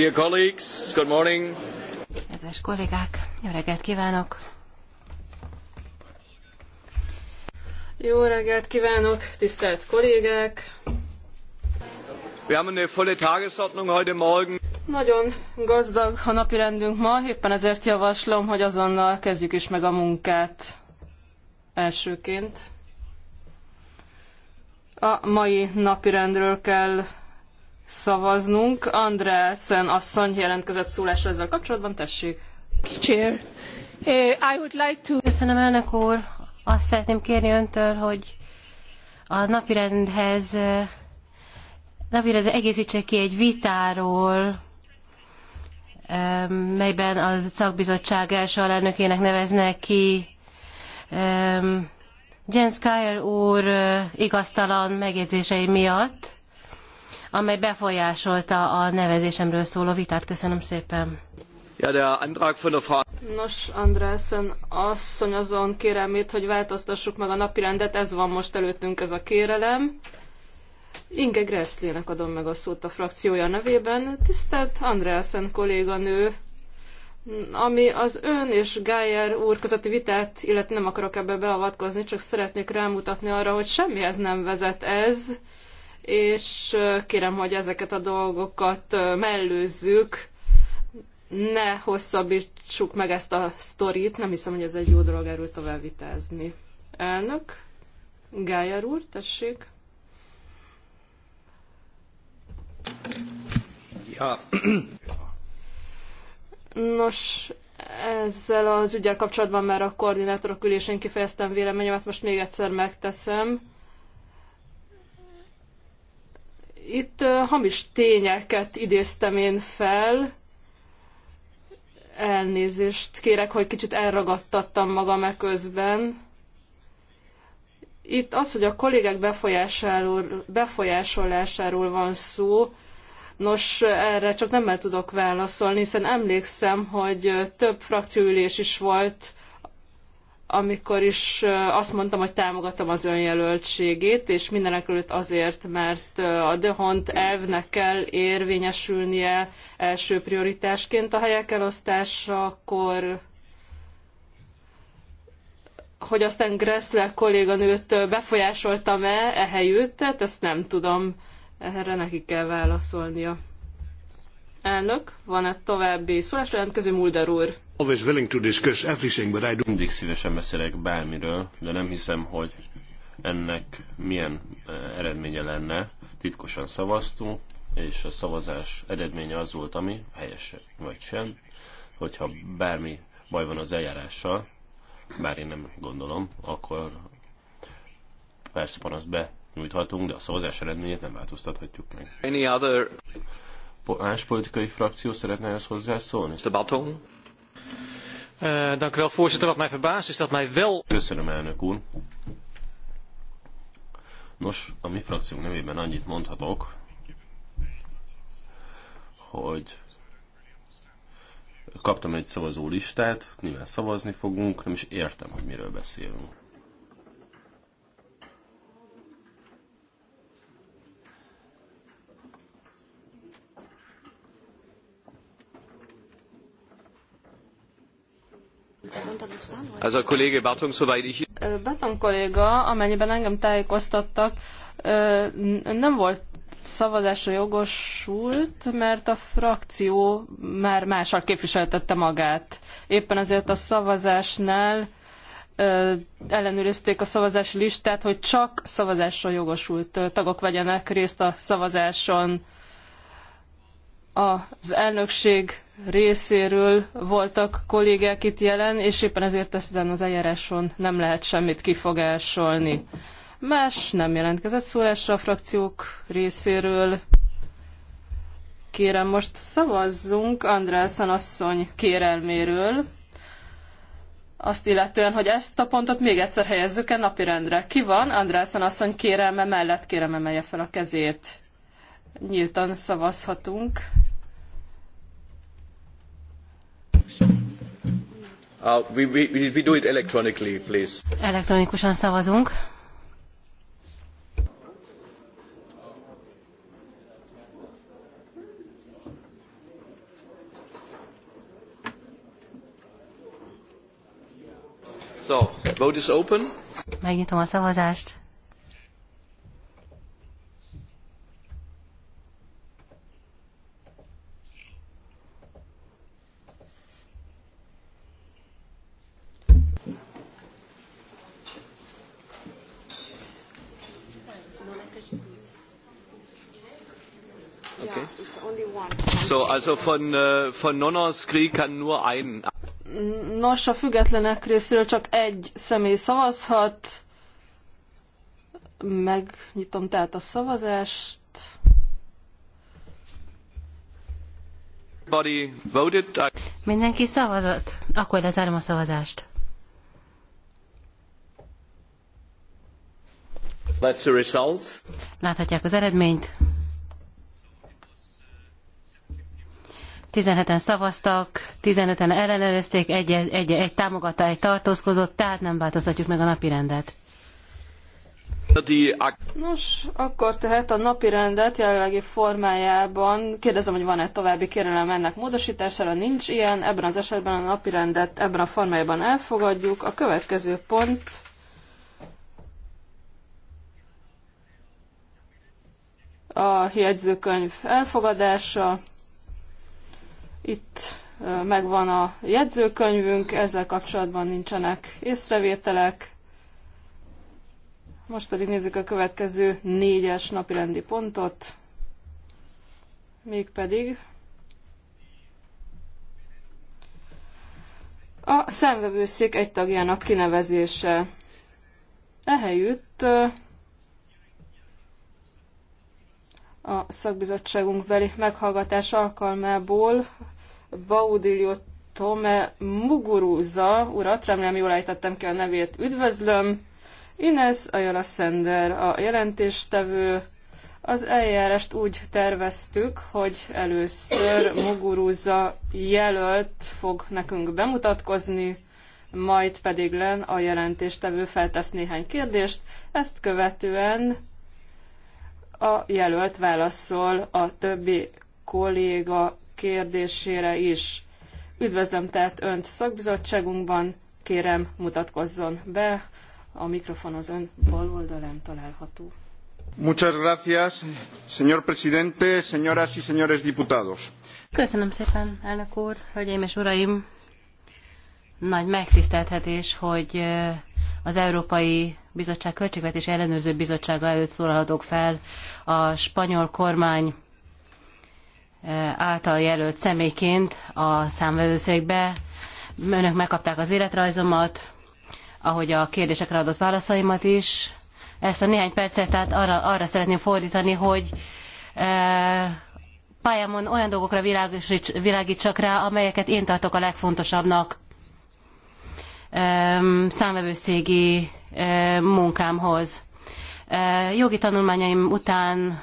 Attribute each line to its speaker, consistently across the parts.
Speaker 1: Dear colleagues, good morning.
Speaker 2: Kedves kollégák, jó reggelt kívánok!
Speaker 3: Jó reggelt kívánok, tisztelt kollégák!
Speaker 1: Wir haben eine volle Tagesordnung heute Morgen.
Speaker 3: Nagyon gazdag a napi rendünk ma, éppen ezért javaslom, hogy azonnal kezdjük is meg a munkát elsőként. A mai napirendről kell szavaznunk. Andrásen asszony jelentkezett szólásra ezzel kapcsolatban, tessék.
Speaker 2: Chair. Eh, I would like to... Köszönöm, elnök úr. Azt szeretném kérni öntől, hogy a napirendhez eh, napirend egészítse ki egy vitáról, eh, melyben a szakbizottság első alelnökének neveznek ki Jens Kyer úr igaztalan megjegyzései miatt amely befolyásolta a nevezésemről szóló vitát. Köszönöm szépen.
Speaker 3: Ja, Antrag von der Frau... Nos, Andrásen asszony azon kérelmét, hogy változtassuk meg a napirendet, ez van most előttünk ez a kérelem. Inge Gresslének adom meg a szót a frakciója nevében. Tisztelt Andrásen kolléganő, ami az ön és Geyer úr közötti vitát, illetve nem akarok ebbe beavatkozni, csak szeretnék rámutatni arra, hogy semmihez nem vezet ez és kérem, hogy ezeket a dolgokat mellőzzük, ne hosszabbítsuk meg ezt a sztorit, nem hiszem, hogy ez egy jó dolog erről tovább vitázni. Elnök, Gájer úr, tessék. Ja. Nos, ezzel az ügyel kapcsolatban már a koordinátorok ülésén kifejeztem véleményemet, most még egyszer megteszem. Itt hamis tényeket idéztem én fel, elnézést kérek, hogy kicsit elragadtattam magam e közben. Itt az, hogy a kollégák befolyásáról, befolyásolásáról van szó, nos, erre csak nem el tudok válaszolni, hiszen emlékszem, hogy több frakcióülés is volt amikor is azt mondtam, hogy támogatom az önjelöltségét, és mindenekelőtt azért, mert a Dehont elvnek kell érvényesülnie első prioritásként a helyek elosztásakor, hogy aztán Gressler kolléganőt befolyásoltam-e ehelyütt, tehát ezt nem tudom, erre neki kell válaszolnia. Elnök, van egy további szólásjelentkező Mulder úr?
Speaker 4: Always willing to discuss everything, but I do... Mindig szívesen beszélek bármiről, de nem hiszem, hogy ennek milyen eh, eredménye lenne. Titkosan szavaztunk, és a szavazás eredménye az volt, ami helyes vagy sem, hogyha bármi baj van az eljárással, bár én nem gondolom, akkor persze panaszt be nyújthatunk, de a szavazás eredményét nem változtathatjuk meg.
Speaker 1: Any other
Speaker 4: más politikai frakció szeretne ezt hozzászólni? Mr. Baton. Uh,
Speaker 1: eh, dank u wel, voorzitter. Wat mij verbaast is dat mij wel...
Speaker 4: Köszönöm, elnök úr. Nos, a mi frakciónk nevében annyit mondhatok, hogy kaptam egy szavazó listát, nyilván szavazni fogunk, nem is értem, hogy miről beszélünk.
Speaker 3: Ez
Speaker 1: a kollége Barton, szóval
Speaker 3: kolléga, amennyiben engem tájékoztattak, nem volt szavazásra jogosult, mert a frakció már mással képviseltette magát. Éppen ezért a szavazásnál ellenőrizték a szavazási listát, hogy csak szavazásra jogosult tagok vegyenek részt a szavazáson. Az elnökség részéről voltak kollégák itt jelen, és éppen ezért ezen az eljáráson nem lehet semmit kifogásolni. Más nem jelentkezett szólásra a frakciók részéről. Kérem, most szavazzunk Andrászen asszony kérelméről, azt illetően, hogy ezt a pontot még egyszer helyezzük-e napirendre. Ki van? Andrászen asszony kérelme mellett kérem emelje fel a kezét. Nyíltan szavazhatunk.
Speaker 1: Uh, we, we, we do it electronically, please.
Speaker 2: Elektronikusan szavazunk.
Speaker 1: So, vote is open.
Speaker 2: Megnyitom a szavazást.
Speaker 1: Also von, äh, von Krieg kann nur ein.
Speaker 3: Nos, a függetlenek részéről csak egy személy szavazhat. Megnyitom tehát a szavazást.
Speaker 2: Mindenki szavazott? Akkor lezárom a szavazást.
Speaker 1: That's the result.
Speaker 2: Láthatják az eredményt. 17-en szavaztak, 15-en ellenőrizték, egy, egy, egy támogatta, egy tartózkozott, tehát nem változtatjuk meg a napirendet.
Speaker 3: Nos, akkor tehát a napirendet jelenlegi formájában kérdezem, hogy van-e további kérelem ennek módosítására, nincs ilyen, ebben az esetben a napirendet ebben a formájában elfogadjuk. A következő pont a jegyzőkönyv elfogadása. Itt megvan a jegyzőkönyvünk, ezzel kapcsolatban nincsenek észrevételek. Most pedig nézzük a következő négyes napirendi pontot, mégpedig a szemvevőszék egy tagjának kinevezése. Ehelyütt a szakbizottságunk beli meghallgatás alkalmából Baudilio Tome Muguruza urat, remélem jól ejtettem ki a nevét, üdvözlöm. Ines Ayala Sender a jelentéstevő. Az eljárást úgy terveztük, hogy először Muguruza jelölt fog nekünk bemutatkozni, majd pedig len a jelentéstevő feltesz néhány kérdést, ezt követően a jelölt válaszol a többi kolléga kérdésére is. Üdvözlöm tehát Önt szakbizottságunkban, kérem mutatkozzon be, a mikrofon az
Speaker 2: Ön bal oldalán található.
Speaker 1: Muchas gracias, señor presidente, señoras y señores diputados.
Speaker 2: Köszönöm szépen, elnök úr, hölgyeim és uraim! Nagy megtiszteltetés, hogy az Európai Bizottság Költségvetés Ellenőrző Bizottsága előtt szólalhatok fel a spanyol kormány e, által jelölt személyként a számvevőszékbe. Önök megkapták az életrajzomat, ahogy a kérdésekre adott válaszaimat is. Ezt a néhány percet tehát arra, arra szeretném fordítani, hogy e, pályámon olyan dolgokra világítsak rá, amelyeket én tartok a legfontosabbnak számvevőszégi munkámhoz. Jogi tanulmányaim után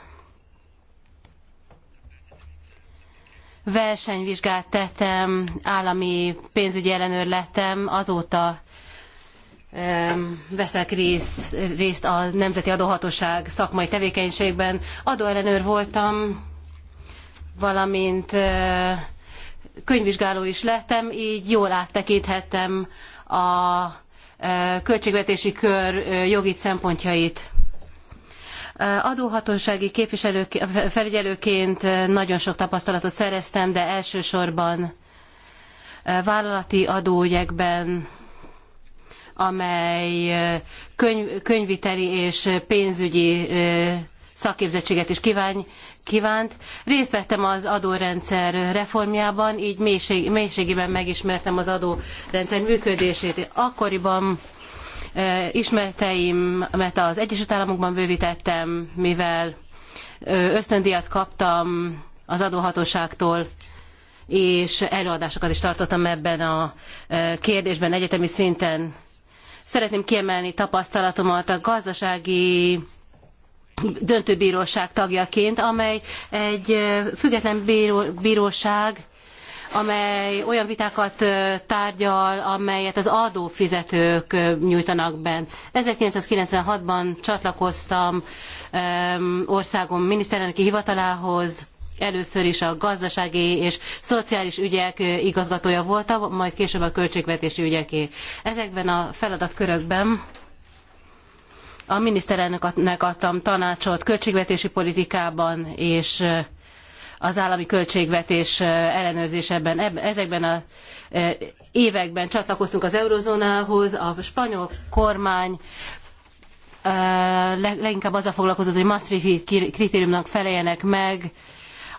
Speaker 2: versenyvizsgát tettem, állami pénzügyi ellenőr lettem, azóta veszek részt, részt a Nemzeti Adóhatóság szakmai tevékenységben. Adóellenőr voltam, valamint eh, könyvvizsgáló is lettem, így jól áttekinthettem a költségvetési kör jogi szempontjait. Adóhatósági képviselők, felügyelőként nagyon sok tapasztalatot szereztem, de elsősorban vállalati adóügyekben, amely könyv, könyviteli és pénzügyi szakképzettséget is kívánj, kívánt. Részt vettem az adórendszer reformjában, így mélység, mélységében megismertem az adórendszer működését. Akkoriban e, ismereteimet az Egyesült Államokban bővítettem, mivel e, ösztöndíjat kaptam az adóhatóságtól, és előadásokat is tartottam ebben a e, kérdésben egyetemi szinten. Szeretném kiemelni tapasztalatomat a gazdasági döntőbíróság tagjaként, amely egy független bíró, bíróság, amely olyan vitákat tárgyal, amelyet az adófizetők nyújtanak ben. 1996-ban csatlakoztam országom miniszterelnöki hivatalához, először is a gazdasági és szociális ügyek igazgatója voltam, majd később a költségvetési ügyeké. Ezekben a feladatkörökben a miniszterelnöknek adtam tanácsot költségvetési politikában és az állami költségvetés ellenőrzésében. Ezekben az években csatlakoztunk az eurozónához, a spanyol kormány leginkább azzal foglalkozott, hogy Maastrichti kritériumnak feleljenek meg,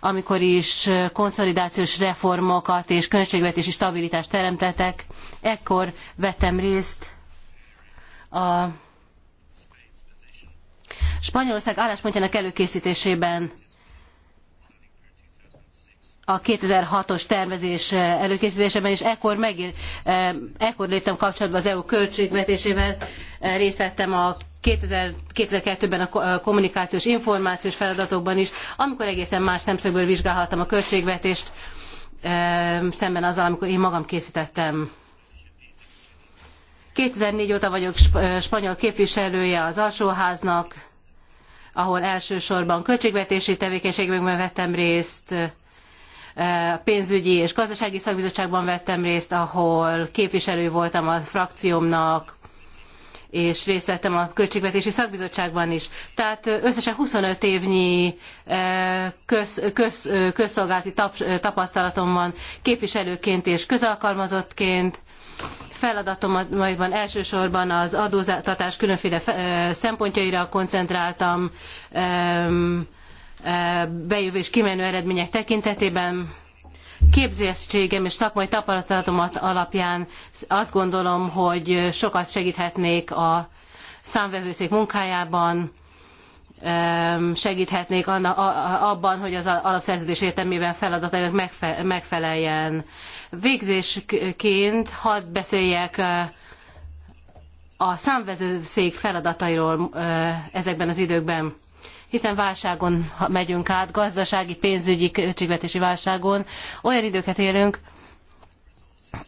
Speaker 2: amikor is konszolidációs reformokat és költségvetési stabilitást teremtettek. Ekkor vettem részt a Spanyolország álláspontjának előkészítésében a 2006-os tervezés előkészítésében, és ekkor, megír, eh, ekkor léptem kapcsolatba az EU költségvetésével, eh, részt vettem a 2002-ben a eh, kommunikációs információs feladatokban is, amikor egészen más szemszögből vizsgálhattam a költségvetést, szemben azzal, amikor én magam készítettem 2004 óta vagyok spanyol képviselője az alsóháznak, ahol elsősorban költségvetési tevékenységekben vettem részt, pénzügyi és gazdasági szakbizottságban vettem részt, ahol képviselő voltam a frakciómnak, és részt vettem a költségvetési szakbizottságban is. Tehát összesen 25 évnyi köz, köz, közszolgálati tapasztalatom van képviselőként és közalkalmazottként, feladatom amelyben elsősorban az adóztatás különféle szempontjaira koncentráltam, bejövő és kimenő eredmények tekintetében. Képzésségem és szakmai tapasztalatomat alapján azt gondolom, hogy sokat segíthetnék a számvevőszék munkájában, segíthetnék abban, hogy az alapszerződés értelmében feladatainak megfeleljen. Végzésként hadd beszéljek a számvezőszék feladatairól ezekben az időkben hiszen válságon megyünk át, gazdasági, pénzügyi, költségvetési válságon. Olyan időket élünk,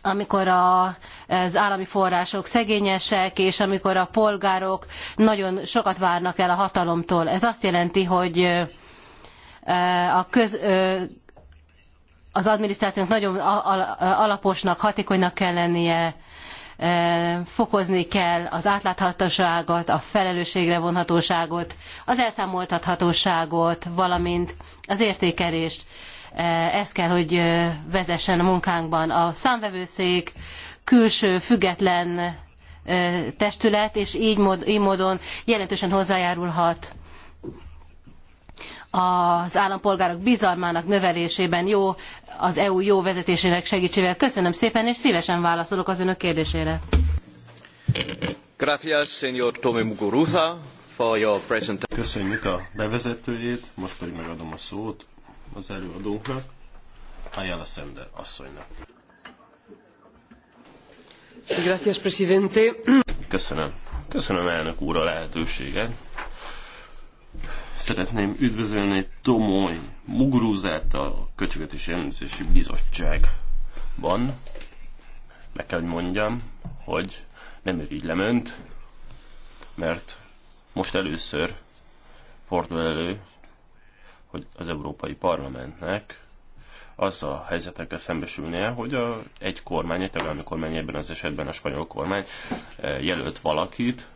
Speaker 2: amikor a, az állami források szegényesek, és amikor a polgárok nagyon sokat várnak el a hatalomtól. Ez azt jelenti, hogy a köz, az adminisztrációnak nagyon alaposnak, hatékonynak kell lennie, fokozni kell az átláthatóságot, a felelősségre vonhatóságot, az elszámoltathatóságot, valamint az értékelést. Eh, ez kell, hogy eh, vezessen a munkánkban. A számvevőszék külső független eh, testület, és így, mód, így módon jelentősen hozzájárulhat az állampolgárok bizalmának növelésében jó, az EU jó vezetésének segítségével. Köszönöm szépen, és szívesen válaszolok az önök kérdésére.
Speaker 1: Gracias, señor Tome Muguruza, for your presentation. Köszönjük a bevezetőjét, most pedig megadom a szót
Speaker 4: az előadónknak, Ayala Sender asszonynak.
Speaker 2: Sí, gracias, presidente.
Speaker 4: Köszönöm. Köszönöm elnök úr a lehetőséget. Szeretném üdvözölni Tomoly Mugruzát a Köcsöget és Jelenlőzési Bizottságban. Meg kell, hogy mondjam, hogy nem irigylem önt, mert most először fordul elő, hogy az Európai Parlamentnek az a helyzetekkel szembesülnie, hogy a, egy kormány, egy tagállami kormány, ebben az esetben a spanyol kormány eh, jelölt valakit,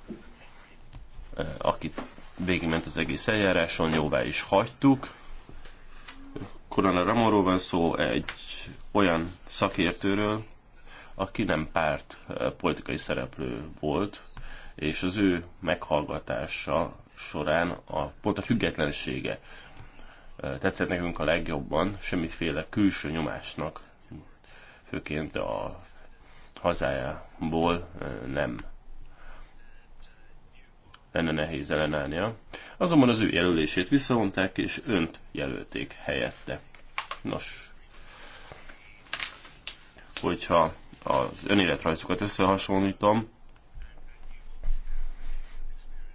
Speaker 4: eh, akit végigment az egész eljáráson, jóvá is hagytuk. Korona Ramonról van szó, egy olyan szakértőről, aki nem párt eh, politikai szereplő volt, és az ő meghallgatása során a, pont a függetlensége tetszett nekünk a legjobban, semmiféle külső nyomásnak, főként a hazájából nem lenne nehéz ellenállnia. Azonban az ő jelölését visszavonták, és önt jelölték helyette. Nos, hogyha az önéletrajzokat összehasonlítom,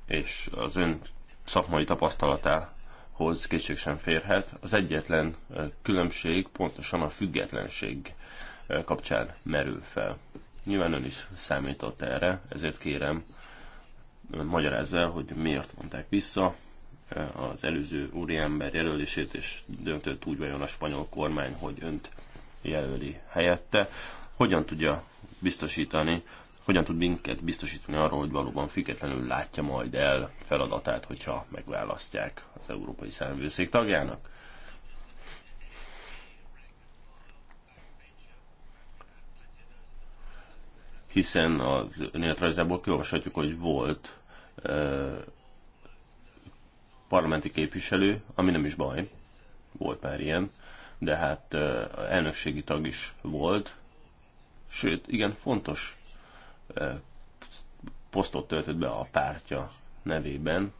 Speaker 4: és az ön szakmai tapasztalatá hoz kétség sem férhet. Az egyetlen különbség pontosan a függetlenség kapcsán merül fel. Nyilván ön is számított erre, ezért kérem, magyarázz el, hogy miért vonták vissza az előző úriember jelölését, és döntött úgy vajon a spanyol kormány, hogy önt jelöli helyette. Hogyan tudja biztosítani hogyan tud minket biztosítani arról, hogy valóban függetlenül látja majd el feladatát, hogyha megválasztják az Európai Számvőszék tagjának? Hiszen az önéletrajzából kiolvashatjuk, hogy volt euh, parlamenti képviselő, ami nem is baj, volt már ilyen, de hát euh, elnökségi tag is volt, sőt, igen, fontos posztot töltött be a pártja nevében.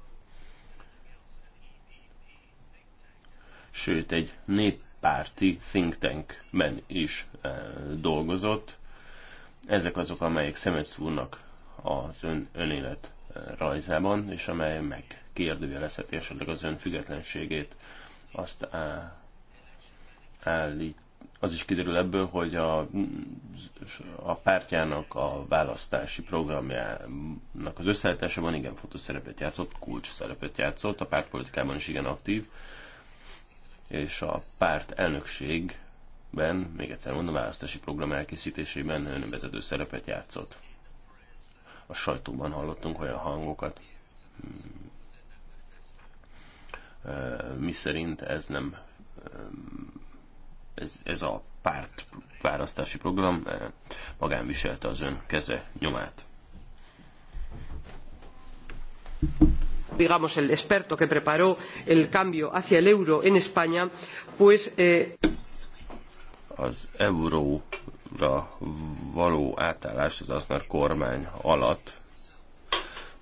Speaker 4: Sőt, egy néppárti think tankben is dolgozott. Ezek azok, amelyek szemet szúrnak az ön, önélet rajzában, és amely megkérdőjelezheti esetleg az ön függetlenségét. Azt állít az is kiderül ebből, hogy a, a pártjának a választási programjának az van igen fontos szerepet játszott, kulcs szerepet játszott, a pártpolitikában is igen aktív, és a párt elnökségben, még egyszer mondom, a választási program elkészítésében önvezető szerepet játszott. A sajtóban hallottunk olyan hangokat, hm. mi szerint ez nem hm, ez, ez a párt választási program eh, magán viselte az ön keze nyomát.
Speaker 3: digamos el experto que preparó el cambio hacia el euro en España, pues eh...
Speaker 4: az euróra való átállás az Aznar kormány alatt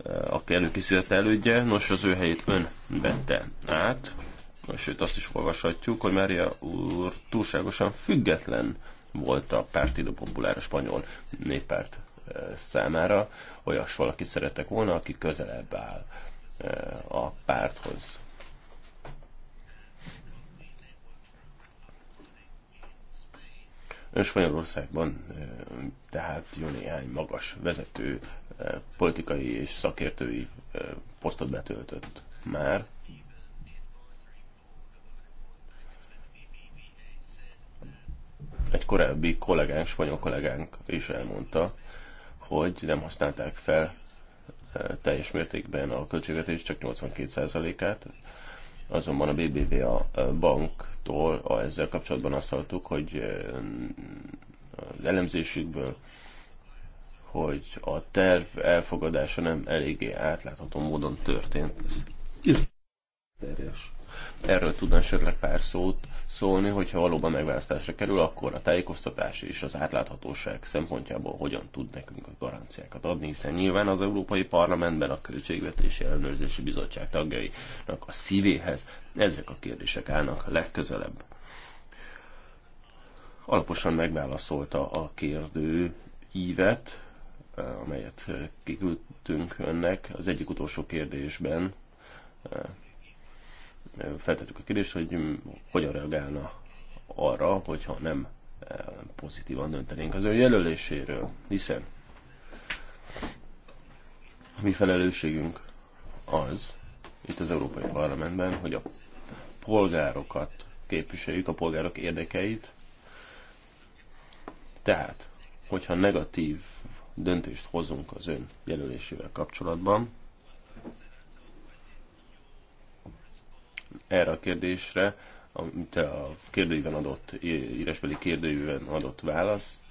Speaker 4: eh, aki előkészítette elődje, nos az ő helyét ön vette át sőt azt is olvashatjuk, hogy Mária úr túlságosan független volt a Partido Popular a spanyol néppárt eh, számára. Olyas valaki szeretek volna, aki közelebb áll eh, a párthoz. Ön Spanyolországban eh, tehát jó néhány magas vezető, politikai és szakértői posztot betöltött már. korábbi kollégánk, spanyol kollégánk is elmondta, hogy nem használták fel e, teljes mértékben a költségvetés, csak 82%-át. Azonban a BBVA e, banktól a ezzel kapcsolatban azt hallottuk, hogy e, az elemzésükből, hogy a terv elfogadása nem eléggé átlátható módon történt. Ez terjes. Erről tudna esetleg pár szót szólni, hogyha valóban megválasztásra kerül, akkor a tájékoztatás és az átláthatóság szempontjából hogyan tud nekünk a garanciákat adni, hiszen nyilván az Európai Parlamentben a Költségvetési Ellenőrzési Bizottság tagjainak a szívéhez ezek a kérdések állnak legközelebb. Alaposan megválaszolta a kérdő ívet, amelyet kiküldtünk önnek. Az egyik utolsó kérdésben feltettük a kérdést, hogy hogyan reagálna arra, hogyha nem eh, pozitívan döntenénk az ő jelöléséről, hiszen a mi felelősségünk az, itt az Európai Parlamentben, hogy a polgárokat képviseljük, a polgárok érdekeit. Tehát, hogyha negatív döntést hozunk az ön jelölésével kapcsolatban, erre a kérdésre, amit a kérdőjében adott, írásbeli kérdőjében adott választ,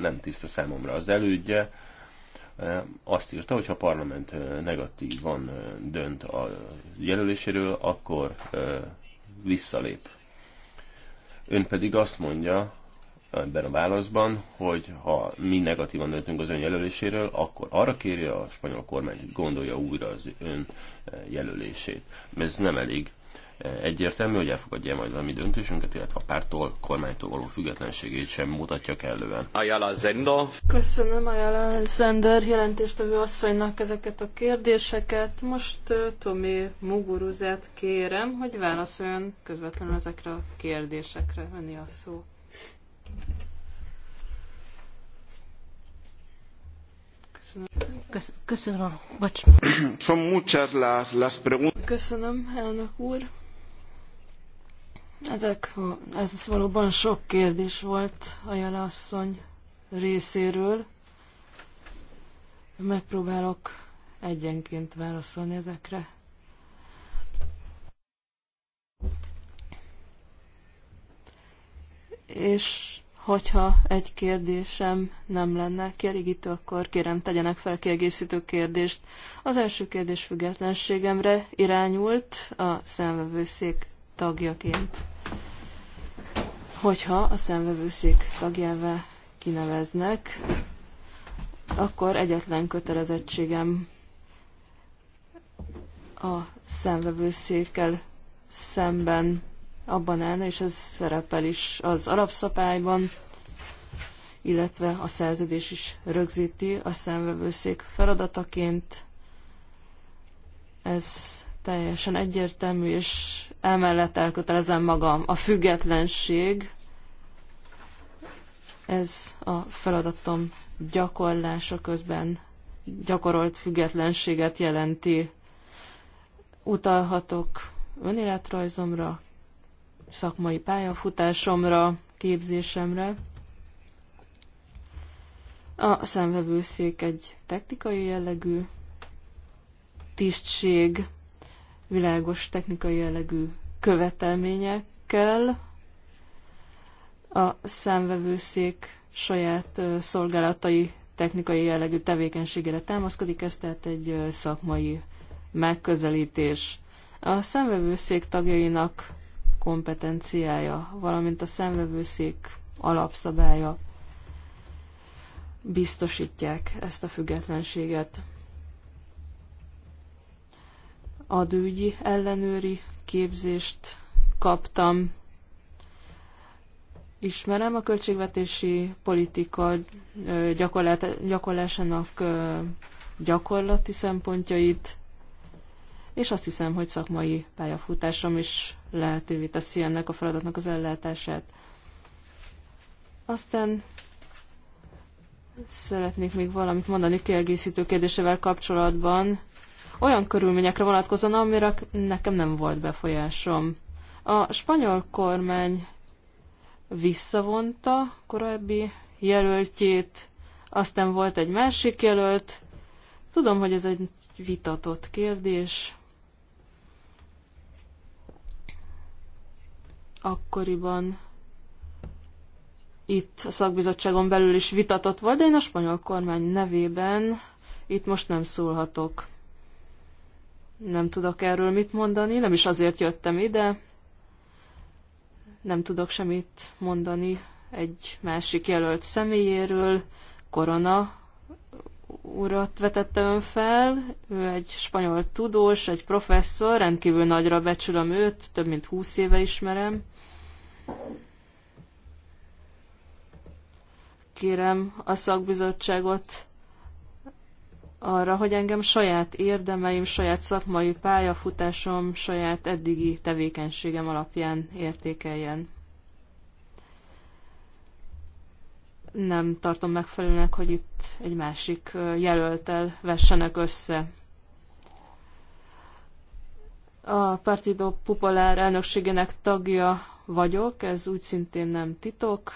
Speaker 4: nem tiszta számomra az elődje. Azt írta, hogy ha a parlament negatívan dönt a jelöléséről, akkor visszalép. Ön pedig azt mondja ebben a válaszban, hogy ha mi negatívan döntünk az ön jelöléséről, akkor arra kérje a spanyol kormány, hogy gondolja újra az ön jelölését. Ez nem elég egyértelmű, hogy elfogadja -e majd a mi döntésünket, illetve a pártól, kormánytól való függetlenségét sem mutatja kellően.
Speaker 1: Ajala Zendo.
Speaker 3: Köszönöm Ajala Zender jelentéstevő asszonynak ezeket a kérdéseket. Most Tomi Muguruzet, kérem, hogy válaszoljon közvetlenül ezekre a kérdésekre. Venni a szó. Köszönöm.
Speaker 2: Köszönöm, bocs. Son
Speaker 1: muchas las,
Speaker 3: Köszönöm, elnök úr. Ezek, ez valóban sok kérdés volt a jelasszony részéről. Megpróbálok egyenként válaszolni ezekre. És hogyha egy kérdésem nem lenne kielégítő, akkor kérem tegyenek fel kiegészítő kérdést. Az első kérdés függetlenségemre irányult a szemvevőszék tagjaként. Hogyha a szemvevőszék tagjává kineveznek, akkor egyetlen kötelezettségem a szemvevőszékkel szemben abban állna, és ez szerepel is az alapszabályban, illetve a szerződés is rögzíti a szemvevőszék feladataként. Ez teljesen egyértelmű, és emellett elkötelezem magam. A függetlenség, ez a feladatom gyakorlása közben gyakorolt függetlenséget jelenti. Utalhatok önéletrajzomra, szakmai pályafutásomra, képzésemre. A szemvevőszék egy technikai jellegű tisztség, világos technikai jellegű követelményekkel. A számvevőszék saját szolgálatai technikai jellegű tevékenységére támaszkodik, ez tehát egy szakmai megközelítés. A számvevőszék tagjainak kompetenciája, valamint a számvevőszék alapszabálya biztosítják ezt a függetlenséget adőgyi ellenőri képzést kaptam. Ismerem a költségvetési politika gyakorlásának gyakorlati szempontjait, és azt hiszem, hogy szakmai pályafutásom is lehetővé teszi ennek a feladatnak az ellátását. Aztán szeretnék még valamit mondani kiegészítő kérdésevel kapcsolatban olyan körülményekre vonatkozóan, amire nekem nem volt befolyásom. A spanyol kormány visszavonta korábbi jelöltjét, aztán volt egy másik jelölt. Tudom, hogy ez egy vitatott kérdés. Akkoriban itt a szakbizottságon belül is vitatott volt, de én a spanyol kormány nevében itt most nem szólhatok. Nem tudok erről mit mondani, nem is azért jöttem ide. Nem tudok semmit mondani egy másik jelölt személyéről. Korona urat vetette ön fel, ő egy spanyol tudós, egy professzor, rendkívül nagyra becsülöm őt, több mint húsz éve ismerem. Kérem a szakbizottságot, arra, hogy engem saját érdemeim, saját szakmai pályafutásom, saját eddigi tevékenységem alapján értékeljen. Nem tartom megfelelőnek, hogy itt egy másik jelöltel vessenek össze. A Partido Popular elnökségének tagja vagyok, ez úgy szintén nem titok.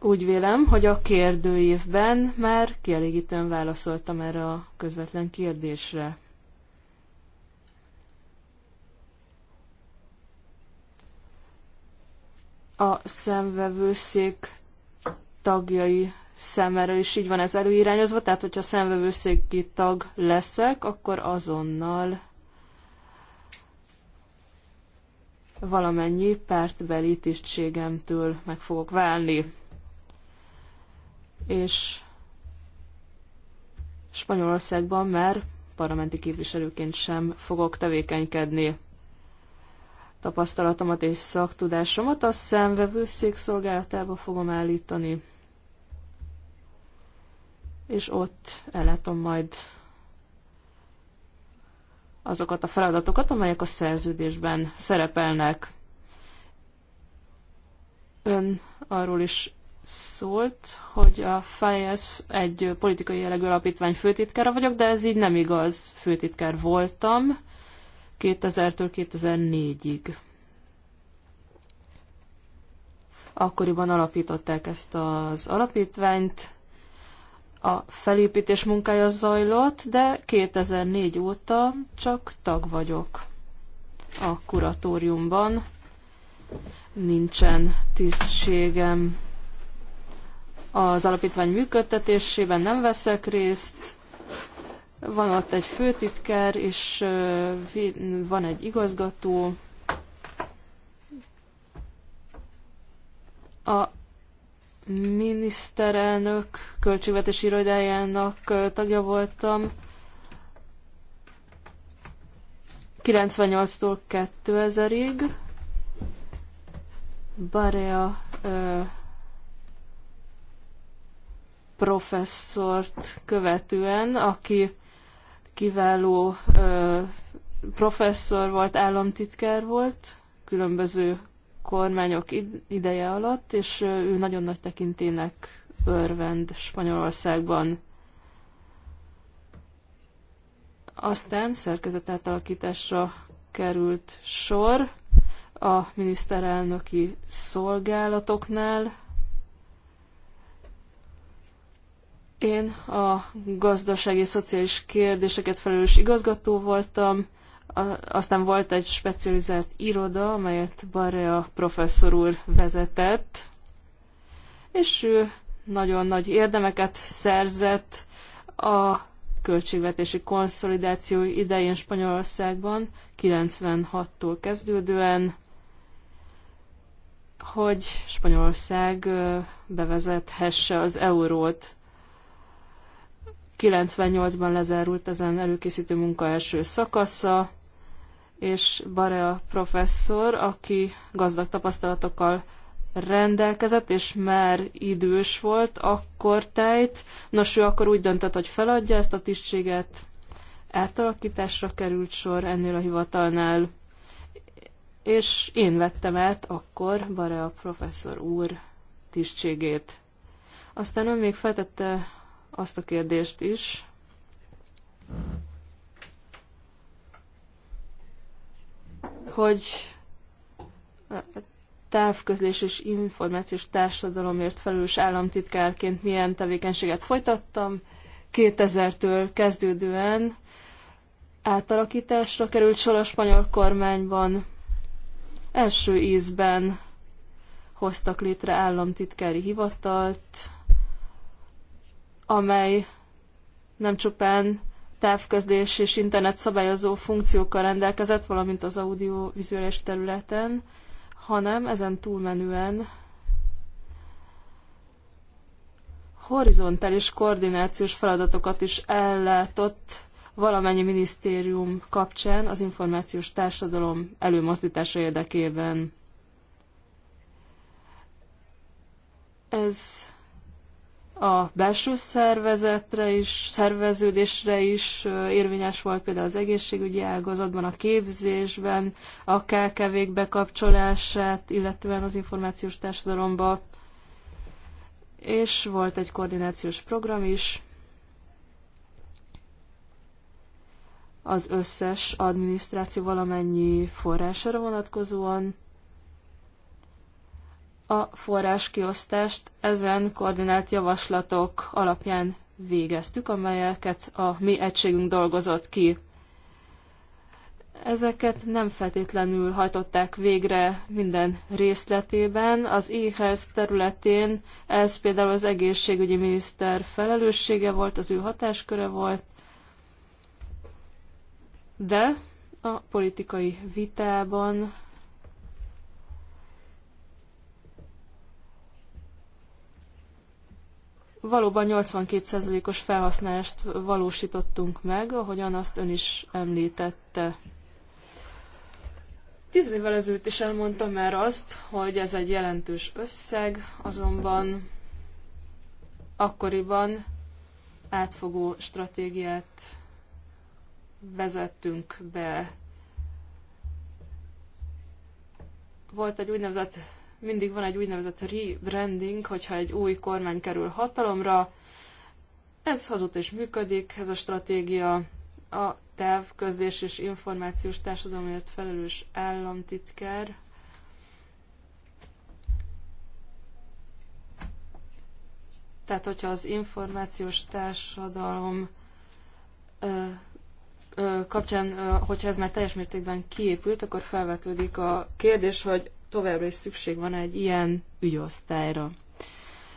Speaker 3: Úgy vélem, hogy a kérdőívben már kielégítően válaszoltam erre a közvetlen kérdésre. a szemvevőszék tagjai szemmel is így van ez előirányozva, tehát hogyha szemvevőszéki tag leszek, akkor azonnal valamennyi pártbeli tisztségemtől meg fogok válni és Spanyolországban már parlamenti képviselőként sem fogok tevékenykedni. Tapasztalatomat és szaktudásomat a szemvevőszék szolgálatába fogom állítani, és ott ellátom majd azokat a feladatokat, amelyek a szerződésben szerepelnek. Ön arról is szólt, hogy a FIES egy politikai jellegű alapítvány főtitkára vagyok, de ez így nem igaz. Főtitkár voltam 2000-től 2004-ig. Akkoriban alapították ezt az alapítványt, a felépítés munkája zajlott, de 2004 óta csak tag vagyok a kuratóriumban. Nincsen tisztségem az alapítvány működtetésében nem veszek részt, van ott egy főtitkár, és van egy igazgató. A miniszterelnök költségvetési irodájának tagja voltam 98-tól 2000-ig. Barea professzort követően, aki kiváló ö, professzor volt, államtitkár volt különböző kormányok ideje alatt, és ő nagyon nagy tekintének örvend Spanyolországban. Aztán szerkezetátalakításra került sor a miniszterelnöki szolgálatoknál, Én a gazdasági és szociális kérdéseket felelős igazgató voltam, aztán volt egy specializált iroda, amelyet Barrea professzor úr vezetett, és ő nagyon nagy érdemeket szerzett a költségvetési konszolidáció idején Spanyolországban, 96-tól kezdődően, hogy Spanyolország bevezethesse az eurót. 98-ban lezárult ezen előkészítő munka első szakasza, és Barea professzor, aki gazdag tapasztalatokkal rendelkezett, és már idős volt akkor tejt. Nos, ő akkor úgy döntött, hogy feladja ezt a tisztséget. Átalakításra került sor ennél a hivatalnál, és én vettem át akkor Barea professzor úr tisztségét. Aztán ő még feltette azt a kérdést is, hogy távközlés és információs társadalomért felelős államtitkárként milyen tevékenységet folytattam. 2000-től kezdődően átalakításra került sor a spanyol kormányban. Első ízben hoztak létre államtitkári hivatalt, amely nem csupán távközlés és internet szabályozó funkciókkal rendelkezett, valamint az audiovizuális területen, hanem ezen túlmenően horizontális koordinációs feladatokat is ellátott valamennyi minisztérium kapcsán az információs társadalom előmozdítása érdekében. Ez a belső szervezetre is, szerveződésre is érvényes volt, például az egészségügyi ágazatban, a képzésben, a kkv bekapcsolását, illetően az információs társadalomba, és volt egy koordinációs program is, az összes adminisztráció valamennyi forrására vonatkozóan, a forráskiosztást ezen koordinált javaslatok alapján végeztük, amelyeket a mi egységünk dolgozott ki. Ezeket nem feltétlenül hajtották végre minden részletében. Az e területén ez például az egészségügyi miniszter felelőssége volt, az ő hatásköre volt, de a politikai vitában Valóban 82%-os felhasználást valósítottunk meg, ahogyan azt ön is említette. Tíz évvel ezelőtt is elmondtam már azt, hogy ez egy jelentős összeg, azonban akkoriban átfogó stratégiát vezettünk be. Volt egy úgynevezett mindig van egy úgynevezett rebranding, hogyha egy új kormány kerül hatalomra. Ez hazudta is működik, ez a stratégia. A tev közlés és információs társadalomért felelős államtitkár Tehát, hogyha az információs társadalom ö, ö, kapcsán, ö, hogyha ez már teljes mértékben kiépült, akkor felvetődik a kérdés, hogy továbbra is szükség van egy ilyen ügyosztályra.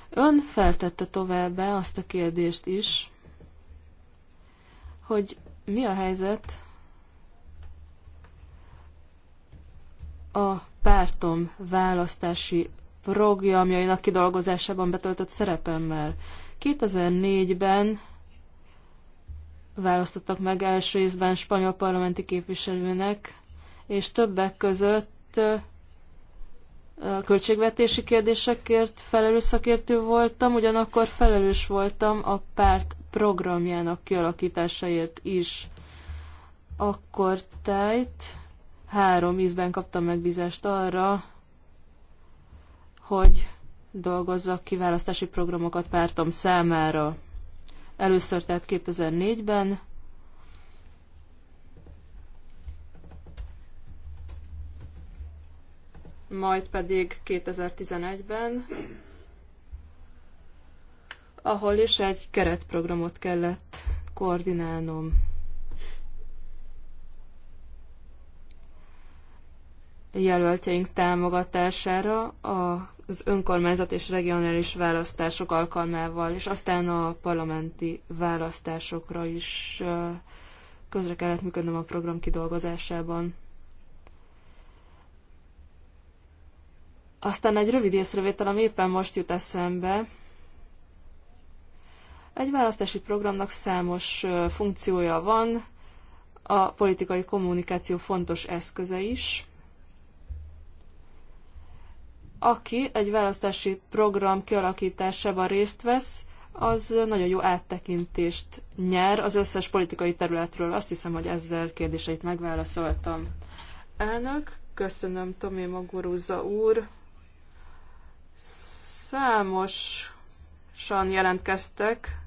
Speaker 3: Ön feltette továbbá azt a kérdést is, hogy mi a helyzet a pártom választási programjainak kidolgozásában betöltött szerepemmel. 2004-ben választottak meg első részben spanyol parlamenti képviselőnek, és többek között a költségvetési kérdésekért felelős szakértő voltam, ugyanakkor felelős voltam a párt programjának kialakításáért is. Akkor tájt három ízben kaptam megbízást arra, hogy dolgozzak ki választási programokat pártom számára. Először tehát 2004-ben, majd pedig 2011-ben, ahol is egy keretprogramot kellett koordinálnom. jelöltjeink támogatására az önkormányzat és regionális választások alkalmával, és aztán a parlamenti választásokra is közre kellett működnöm a program kidolgozásában. Aztán egy rövid észrevétel, ami éppen most jut eszembe. Egy választási programnak számos funkciója van, a politikai kommunikáció fontos eszköze is. Aki egy választási program kialakításában részt vesz, az nagyon jó áttekintést nyer az összes politikai területről. Azt hiszem, hogy ezzel kérdéseit megválaszoltam. Elnök, köszönöm Tomé Maguruza úr. Számosan jelentkeztek.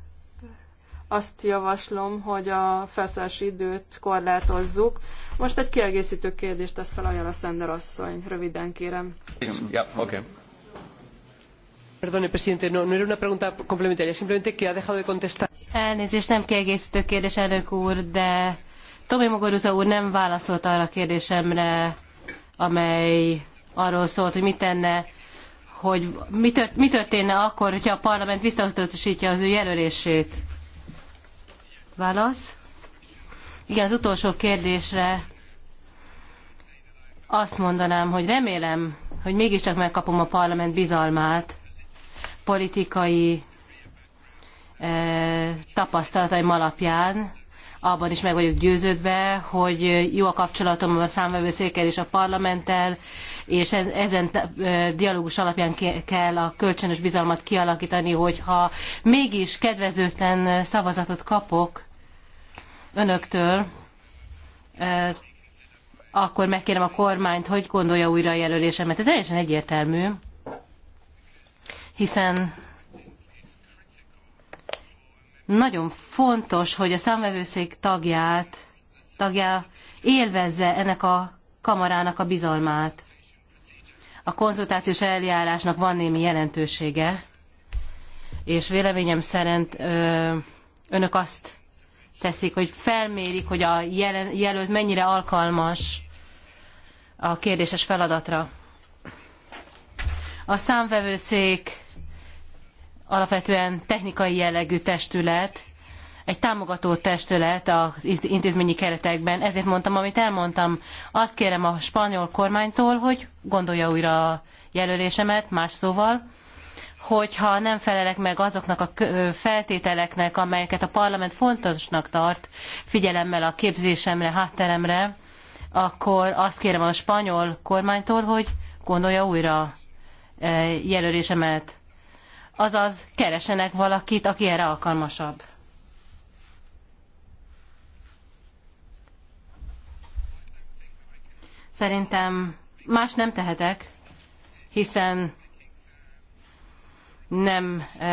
Speaker 3: Azt javaslom, hogy a felszállási időt korlátozzuk. Most egy kiegészítő kérdést tesz fel Ajala Szender asszony. Röviden kérem.
Speaker 2: Yeah, okay. Perdón, presidente, no, no era una pregunta complementaria, simplemente que ha dejado de contestar. Elnézést, nem kiegészítő kérdés, elnök úr, de Tomi Mogoruza úr nem válaszolt arra a kérdésemre, amely arról szólt, hogy mit tenne hogy mi történne akkor, hogyha a parlament visszautasítja az ő jelölését? Válasz? Igen, az utolsó kérdésre azt mondanám, hogy remélem, hogy mégiscsak megkapom a parlament bizalmát politikai eh, tapasztalataim alapján, abban is meg vagyok győződve, hogy jó a kapcsolatom a számvevőszékkel és a parlamenttel, és ezen eh, dialógus alapján kell a kölcsönös bizalmat kialakítani, hogyha mégis kedvezőtlen szavazatot kapok önöktől, eh, akkor megkérem a kormányt, hogy gondolja újra a jelölésemet. Ez teljesen egyértelmű, hiszen nagyon fontos, hogy a számvevőszék tagját, tagja élvezze ennek a kamarának a bizalmát. A konzultációs eljárásnak van némi jelentősége, és véleményem szerint ö, önök azt teszik, hogy felmérik, hogy a jelen, jelölt mennyire alkalmas a kérdéses feladatra. A számvevőszék alapvetően technikai jellegű testület, egy támogató testület az intézményi keretekben. Ezért mondtam, amit elmondtam, azt kérem a spanyol kormánytól, hogy gondolja újra a jelölésemet, más szóval, hogyha nem felelek meg azoknak a feltételeknek, amelyeket a parlament fontosnak tart, figyelemmel a képzésemre, hátteremre, akkor azt kérem a spanyol kormánytól, hogy gondolja újra eh, jelölésemet azaz keresenek valakit, aki erre alkalmasabb. Szerintem más nem tehetek, hiszen nem e,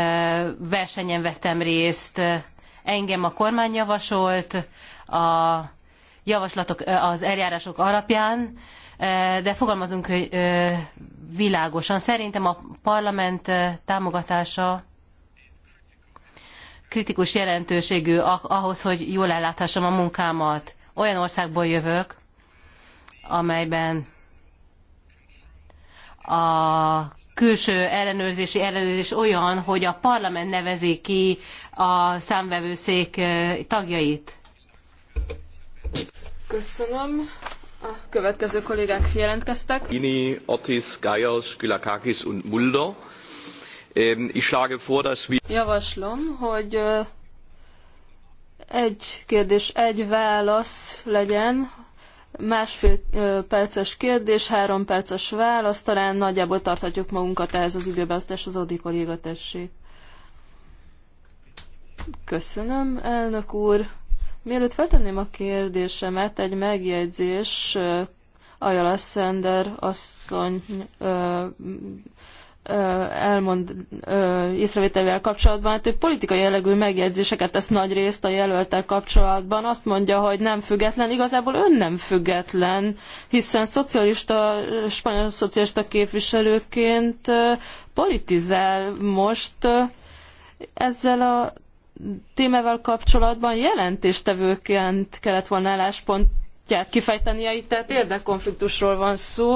Speaker 2: versenyen vettem részt. Engem a kormány javasolt a javaslatok e, az eljárások alapján, de fogalmazunk világosan. Szerintem a parlament támogatása kritikus jelentőségű ahhoz, hogy jól elláthassam a munkámat. Olyan országból jövök, amelyben a külső ellenőrzési ellenőrzés olyan, hogy a parlament nevezi ki a számvevőszék tagjait.
Speaker 3: Köszönöm. A következő kollégák jelentkeztek.
Speaker 1: Ini, Otis, Gajos, Gülakakis und Mulder. Ähm, ich schlage vor, dass wir...
Speaker 3: Javaslom, hogy egy kérdés, egy válasz legyen, másfél perces kérdés, három perces válasz, talán nagyjából tarthatjuk magunkat ehhez az időbeosztáshoz, Odi kolléga tessék. Köszönöm, elnök úr. Mielőtt feltenném a kérdésemet, egy megjegyzés Ajala Szender asszony ö, elmond észrevételével kapcsolatban, hát ő politikai jellegű megjegyzéseket tesz nagy részt a jelöltel kapcsolatban. Azt mondja, hogy nem független, igazából ön nem független, hiszen szocialista, spanyol szocialista képviselőként politizál most ezzel a témával kapcsolatban jelentéstevőként kellett volna álláspontját kifejtenie, itt tehát érdekkonfliktusról van szó.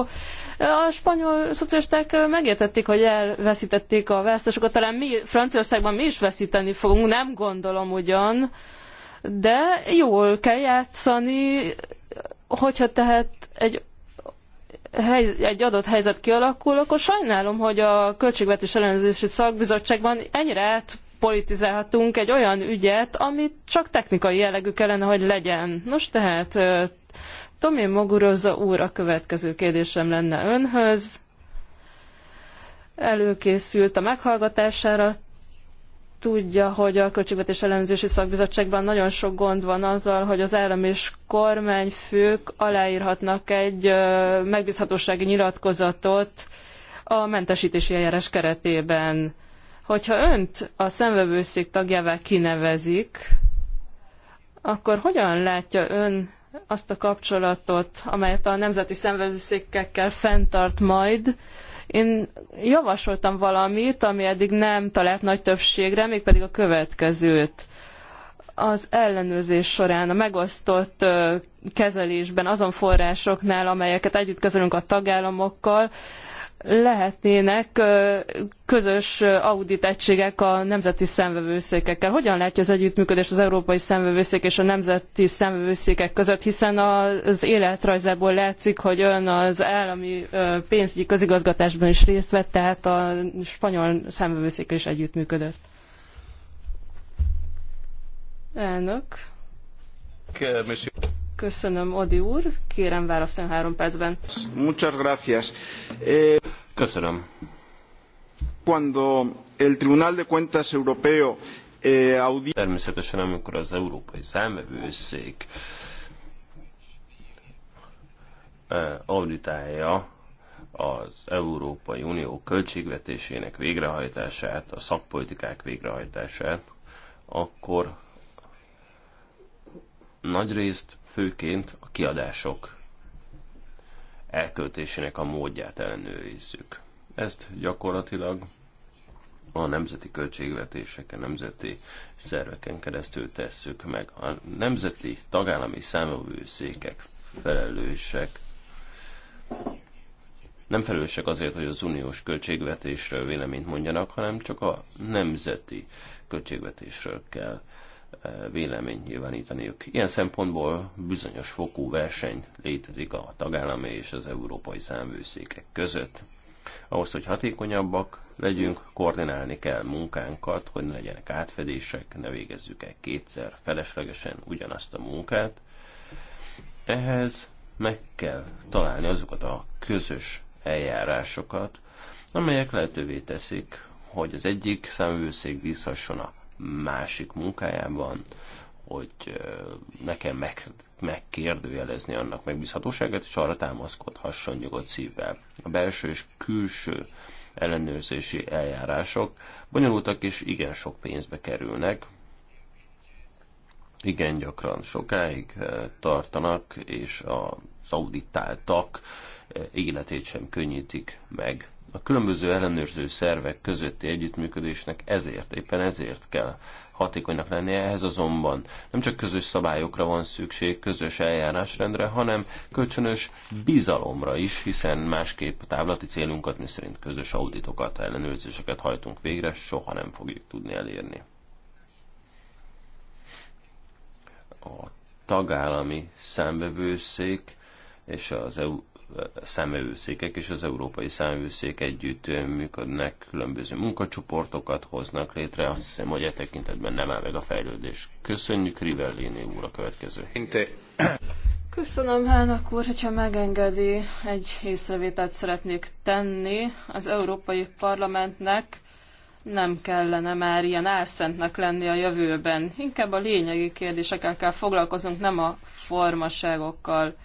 Speaker 3: A spanyol szocialisták megértették, hogy elveszítették a választásokat, talán mi Franciaországban mi is veszíteni fogunk, nem gondolom ugyan, de jól kell játszani, hogyha tehát egy hely, egy adott helyzet kialakul, akkor sajnálom, hogy a Költségvetés Ellenőrzési Szakbizottságban ennyire át politizálhatunk egy olyan ügyet, amit csak technikai jellegű kellene, hogy legyen. Nos tehát, Tomé Mogurozza úr, a következő kérdésem lenne önhöz. Előkészült a meghallgatására, tudja, hogy a Költségvetés Elemzési Szakbizottságban nagyon sok gond van azzal, hogy az állam és kormányfők aláírhatnak egy megbízhatósági nyilatkozatot a mentesítési eljárás keretében. Hogyha önt a szemvevőszék tagjává kinevezik, akkor hogyan látja ön azt a kapcsolatot, amelyet a nemzeti szemvevőszékekkel fenntart majd, én javasoltam valamit, ami eddig nem talált nagy többségre, mégpedig a következőt. Az ellenőrzés során a megosztott kezelésben azon forrásoknál, amelyeket együtt kezelünk a tagállamokkal, lehetnének közös auditegységek a nemzeti szemvevőszékekkel. Hogyan látja az együttműködés az európai szemvevőszék és a nemzeti szemvevőszékek között, hiszen az életrajzából látszik, hogy ön az állami pénzügyi közigazgatásban is részt vett, tehát a spanyol szemvevőszékkel is együttműködött. Elnök. Köszönöm, Odi úr. Kérem, válaszoljon három percben.
Speaker 1: Muchas gracias. Eh, Köszönöm. Cuando el Tribunal de Cuentas Europeo eh, Természetesen, amikor az Európai Számvevőszék
Speaker 4: eh, auditálja az Európai Unió költségvetésének végrehajtását, a szakpolitikák végrehajtását, akkor nagyrészt főként a kiadások elköltésének a módját ellenőrizzük. Ezt gyakorlatilag a nemzeti költségvetéseken, nemzeti szerveken keresztül tesszük meg. A nemzeti tagállami számövőszékek felelősek nem felelősek azért, hogy az uniós költségvetésről véleményt mondjanak, hanem csak a nemzeti költségvetésről kell véleményt nyilvánítaniuk. Ilyen szempontból bizonyos fokú verseny létezik a tagállami és az európai számvőszékek között. Ahhoz, hogy hatékonyabbak legyünk, koordinálni kell munkánkat, hogy ne legyenek átfedések, ne végezzük el kétszer feleslegesen ugyanazt a munkát. Ehhez meg kell találni azokat a közös eljárásokat, amelyek lehetővé teszik, hogy az egyik számvőszék bízhasson a másik munkájában, hogy nekem meg, megkérdőjelezni annak megbízhatóságát, és arra támaszkodhasson nyugodt szívvel. A belső és külső ellenőrzési eljárások bonyolultak és igen sok pénzbe kerülnek, igen gyakran sokáig tartanak, és az auditáltak életét sem könnyítik meg. A különböző ellenőrző szervek közötti együttműködésnek ezért, éppen ezért kell hatékonynak lennie, ehhez azonban nem csak közös szabályokra van szükség, közös eljárásrendre, hanem kölcsönös bizalomra is, hiszen másképp a távlati célunkat, mi szerint közös auditokat, ellenőrzéseket hajtunk végre, soha nem fogjuk tudni elérni. A tagállami számbevőszék és az EU szemőszékek és az európai szemőszék együtt működnek, különböző munkacsoportokat hoznak létre. Azt hiszem, hogy e tekintetben nem áll meg a fejlődés. Köszönjük Rivellini úr a következő.
Speaker 3: Köszönöm, Hának úr, hogyha megengedi, egy észrevételt szeretnék tenni. Az Európai Parlamentnek nem kellene már ilyen álszentnek lenni a jövőben. Inkább a lényegi kérdésekkel kell foglalkozunk, nem a formaságokkal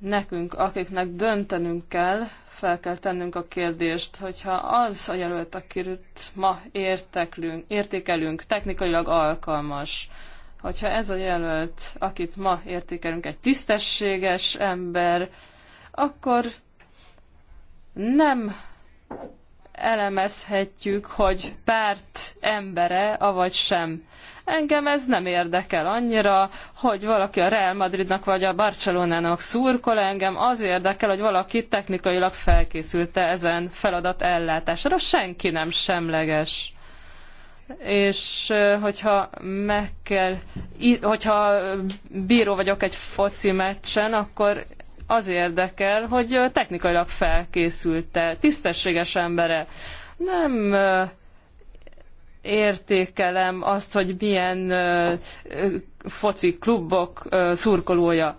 Speaker 3: nekünk, akiknek döntenünk kell, fel kell tennünk a kérdést, hogyha az a jelölt, akit ma érteklünk, értékelünk, technikailag alkalmas, hogyha ez a jelölt, akit ma értékelünk, egy tisztességes ember, akkor nem elemezhetjük, hogy párt embere, avagy sem. Engem ez nem érdekel annyira, hogy valaki a Real Madridnak vagy a Barcelonának szurkol, engem az érdekel, hogy valaki technikailag felkészülte ezen feladat ellátására. Senki nem semleges és hogyha meg kell, hogyha bíró vagyok egy foci meccsen, akkor az érdekel, hogy technikailag felkészült-e, tisztességes embere. Nem értékelem azt, hogy milyen foci klubok szurkolója.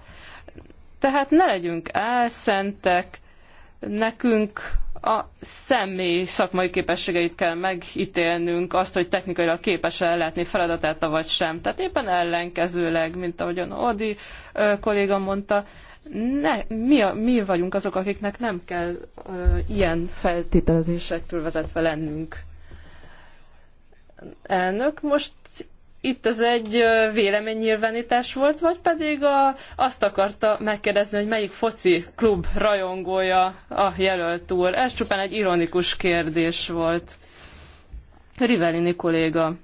Speaker 3: Tehát ne legyünk elszentek, nekünk a személy szakmai képességeit kell megítélnünk, azt, hogy technikailag képes -e ellátni feladatát, vagy sem. Tehát éppen ellenkezőleg, mint ahogyan Odi kolléga mondta, ne, mi, a, mi vagyunk azok, akiknek nem kell ö, ilyen feltételezésektől vezetve lennünk. Elnök, most itt ez egy véleménynyilvánítás volt, vagy pedig a, azt akarta megkérdezni, hogy melyik foci klub rajongója a jelölt úr. Ez csupán egy ironikus kérdés volt. Rivellini kolléga.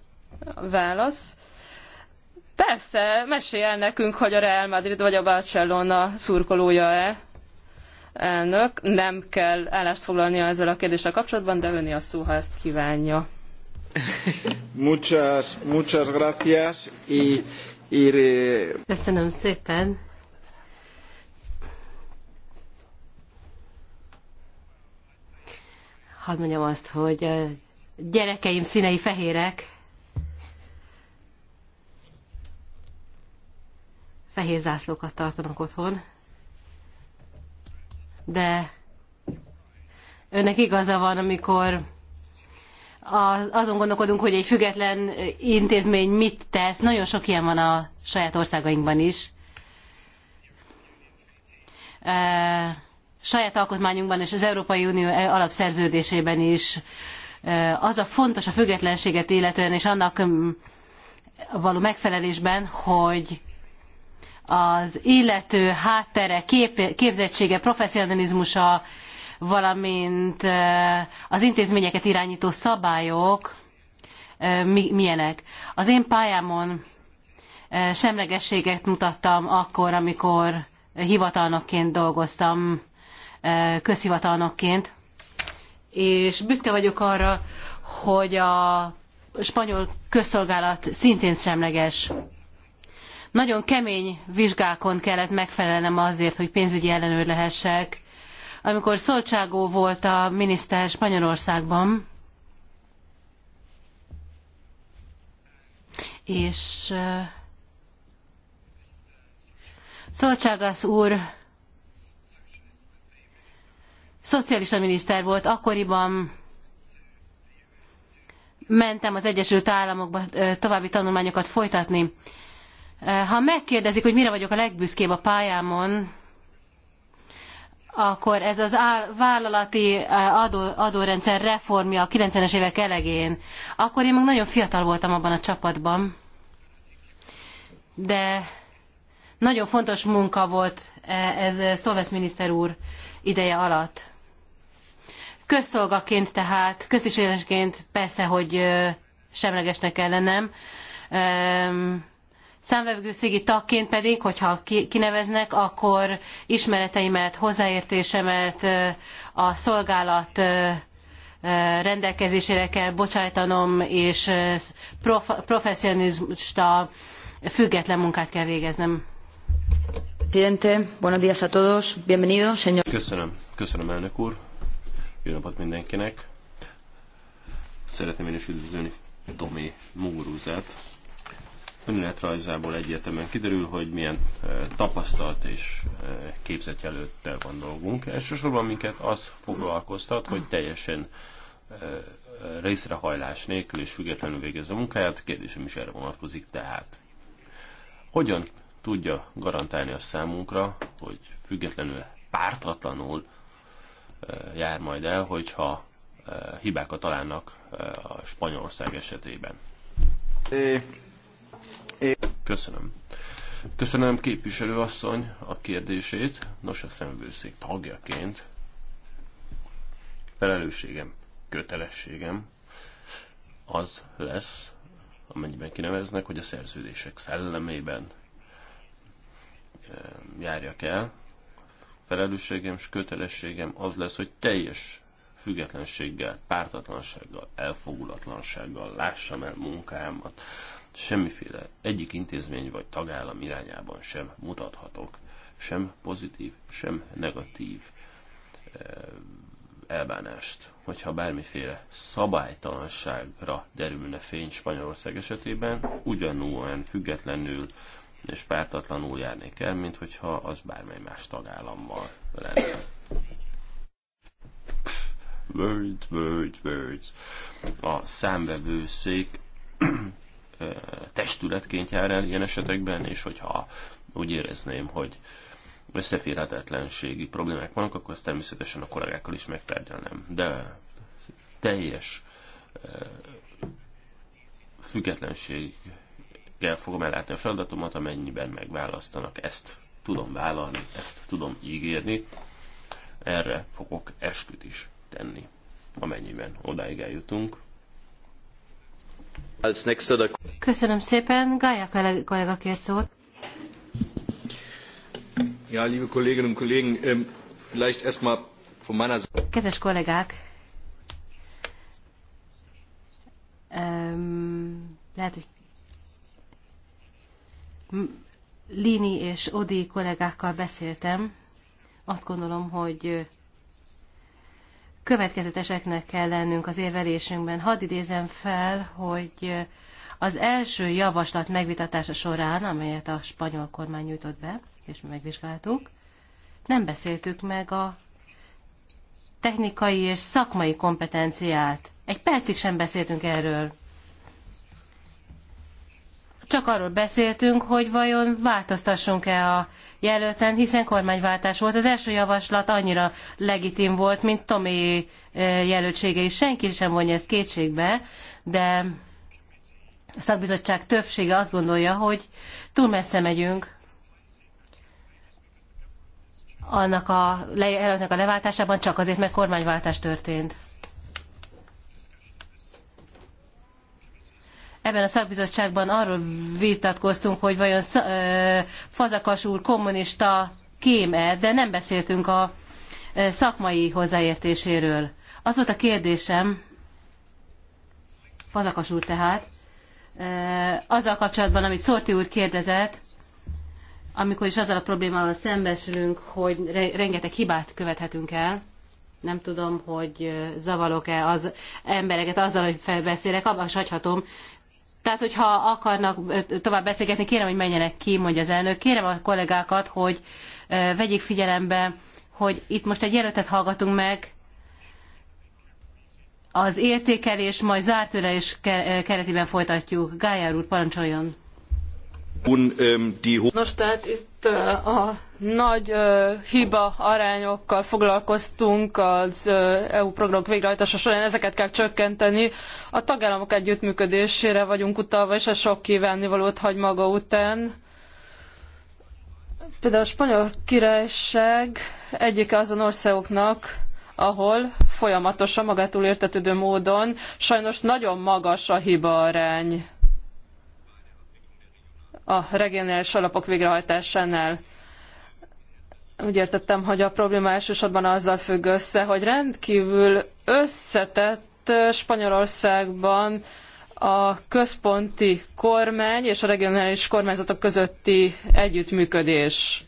Speaker 3: Válasz. Persze, mesélj el nekünk, hogy a Real Madrid vagy a Barcelona szurkolója-e elnök. Nem kell állást foglalnia ezzel a kérdéssel kapcsolatban, de öni a
Speaker 2: szó, ha ezt kívánja.
Speaker 1: muchas, muchas gracias. Y, y... Eh,
Speaker 2: Köszönöm szépen. Hadd mondjam azt, hogy eh, gyerekeim színei fehérek, fehér zászlókat tartanak otthon, de önnek igaza van, amikor azon gondolkodunk, hogy egy független intézmény mit tesz. Nagyon sok ilyen van a saját országainkban is. saját alkotmányunkban és az Európai Unió alapszerződésében is az a fontos a függetlenséget illetően és annak mm, való megfelelésben, hogy az illető háttere, kép, képzettsége, professzionalizmusa, valamint az intézményeket irányító szabályok milyenek. Az én pályámon semlegességet mutattam akkor, amikor hivatalnokként dolgoztam, közhivatalnokként, és büszke vagyok arra, hogy a spanyol közszolgálat szintén semleges nagyon kemény vizsgákon kellett megfelelnem azért, hogy pénzügyi ellenőr lehessek. Amikor Szolcságó volt a miniszter Spanyolországban, és Szolcságász úr szocialista miniszter volt, akkoriban mentem az Egyesült Államokba további tanulmányokat folytatni. Eh, ha megkérdezik, hogy mire vagyok a legbüszkébb a pályámon, akkor ez az vállalati eh, adó, adórendszer reformja a 90-es évek elején. Akkor én még nagyon fiatal voltam abban a csapatban, de nagyon fontos munka volt eh, ez Szolvesz miniszter úr ideje alatt. Közszolgaként tehát, köztisérésként persze, hogy semlegesnek kell lennem ehm, Számvevőszégi tagként pedig, hogyha kineveznek, akkor ismereteimet, hozzáértésemet a szolgálat rendelkezésére kell bocsájtanom, és prof- professzionista független munkát kell végeznem. Presidente, buenos días a todos. Bienvenido,
Speaker 1: señor.
Speaker 4: Köszönöm. Köszönöm, elnök úr. Jó napot mindenkinek. Szeretném én is üdvözölni Domi Múrúzát, önéletrajzából egyértelműen kiderül, hogy milyen tapasztalt és képzett jelölttel van dolgunk. Elsősorban minket az foglalkoztat, hogy teljesen részrehajlás nélkül és függetlenül végez a munkáját. Kérdésem is erre vonatkozik tehát. Hogyan tudja garantálni a számunkra, hogy függetlenül pártatlanul jár majd el, hogyha hibákat találnak a Spanyolország esetében? É. Köszönöm. Köszönöm képviselő asszony a kérdését. Nos, a szemvőszék tagjaként felelősségem, kötelességem az lesz, amennyiben kineveznek, hogy a szerződések szellemében eh, járjak el. Felelősségem és kötelességem az lesz, hogy teljes függetlenséggel, pártatlansággal, elfogulatlansággal lássam el munkámat, semmiféle egyik intézmény vagy tagállam irányában sem mutathatok, sem pozitív, sem negatív eh, elbánást. Hogyha bármiféle szabálytalanságra derülne fény Spanyolország esetében, ugyanúan függetlenül és pártatlanul járnék el, mint hogyha az bármely más tagállammal lenne. Words, words, words. A számvevőszék testületként jár el ilyen esetekben, és hogyha úgy érezném, hogy összeférhetetlenségi problémák vannak, akkor ezt természetesen a kollégákkal is megtárgyalnám. De teljes függetlenséggel fogom ellátni a feladatomat, amennyiben megválasztanak. Ezt tudom vállalni, ezt tudom ígérni. Erre fogok esküt is tenni, amennyiben odáig
Speaker 1: eljutunk.
Speaker 2: Köszönöm szépen. Gája kollega kért szót.
Speaker 1: Ja, liebe Kolleginnen und Kollegen, ähm, vielleicht erstmal von meiner Seite.
Speaker 2: Kedves kollégák, um, lehet, hogy Lini és Odi kollégákkal beszéltem. Azt gondolom, hogy következeteseknek kell lennünk az érvelésünkben. Hadd idézem fel, hogy az első javaslat megvitatása során, amelyet a spanyol kormány nyújtott be, és mi megvizsgáltunk, nem beszéltük meg a technikai és szakmai kompetenciát. Egy percig sem beszéltünk erről csak arról beszéltünk, hogy vajon változtassunk-e a jelölten, hiszen kormányváltás volt. Az első javaslat annyira legitim volt, mint Tomi e, jelöltsége is. Senki sem vonja ezt kétségbe, de a szakbizottság többsége azt gondolja, hogy túl messze megyünk annak a jelöltnek a leváltásában, csak azért, mert kormányváltás történt. ebben a szakbizottságban arról vitatkoztunk, hogy vajon Fazakas úr kommunista kéme, de nem beszéltünk a szakmai hozzáértéséről. Az volt a kérdésem, Fazakas úr tehát, azzal kapcsolatban, amit Szorti úr kérdezett, amikor is azzal a problémával szembesülünk, hogy rengeteg hibát követhetünk el, nem tudom, hogy zavarok-e az embereket azzal, hogy felbeszélek, abban hagyhatom, tehát, hogyha akarnak tovább beszélgetni, kérem, hogy menjenek ki, mondja az elnök. Kérem a kollégákat, hogy vegyék figyelembe, hogy itt most egy jelöltet hallgatunk meg, az értékelés majd zárt ülés keretében folytatjuk. Gájár úr, parancsoljon!
Speaker 3: Nos, tehát itt a nagy ö, hiba arányokkal foglalkoztunk az ö, EU programok végrehajtása során, ezeket kell csökkenteni. A tagállamok együttműködésére vagyunk utalva, és ez sok kívánnivalót hagy maga után. Például a spanyol királyság egyike azon országoknak, ahol folyamatosan magától értetődő módon sajnos nagyon magas a hiba arány a regionális alapok végrehajtásánál úgy értettem, hogy a probléma elsősorban azzal függ össze, hogy rendkívül összetett Spanyolországban a központi kormány és a regionális kormányzatok közötti együttműködés.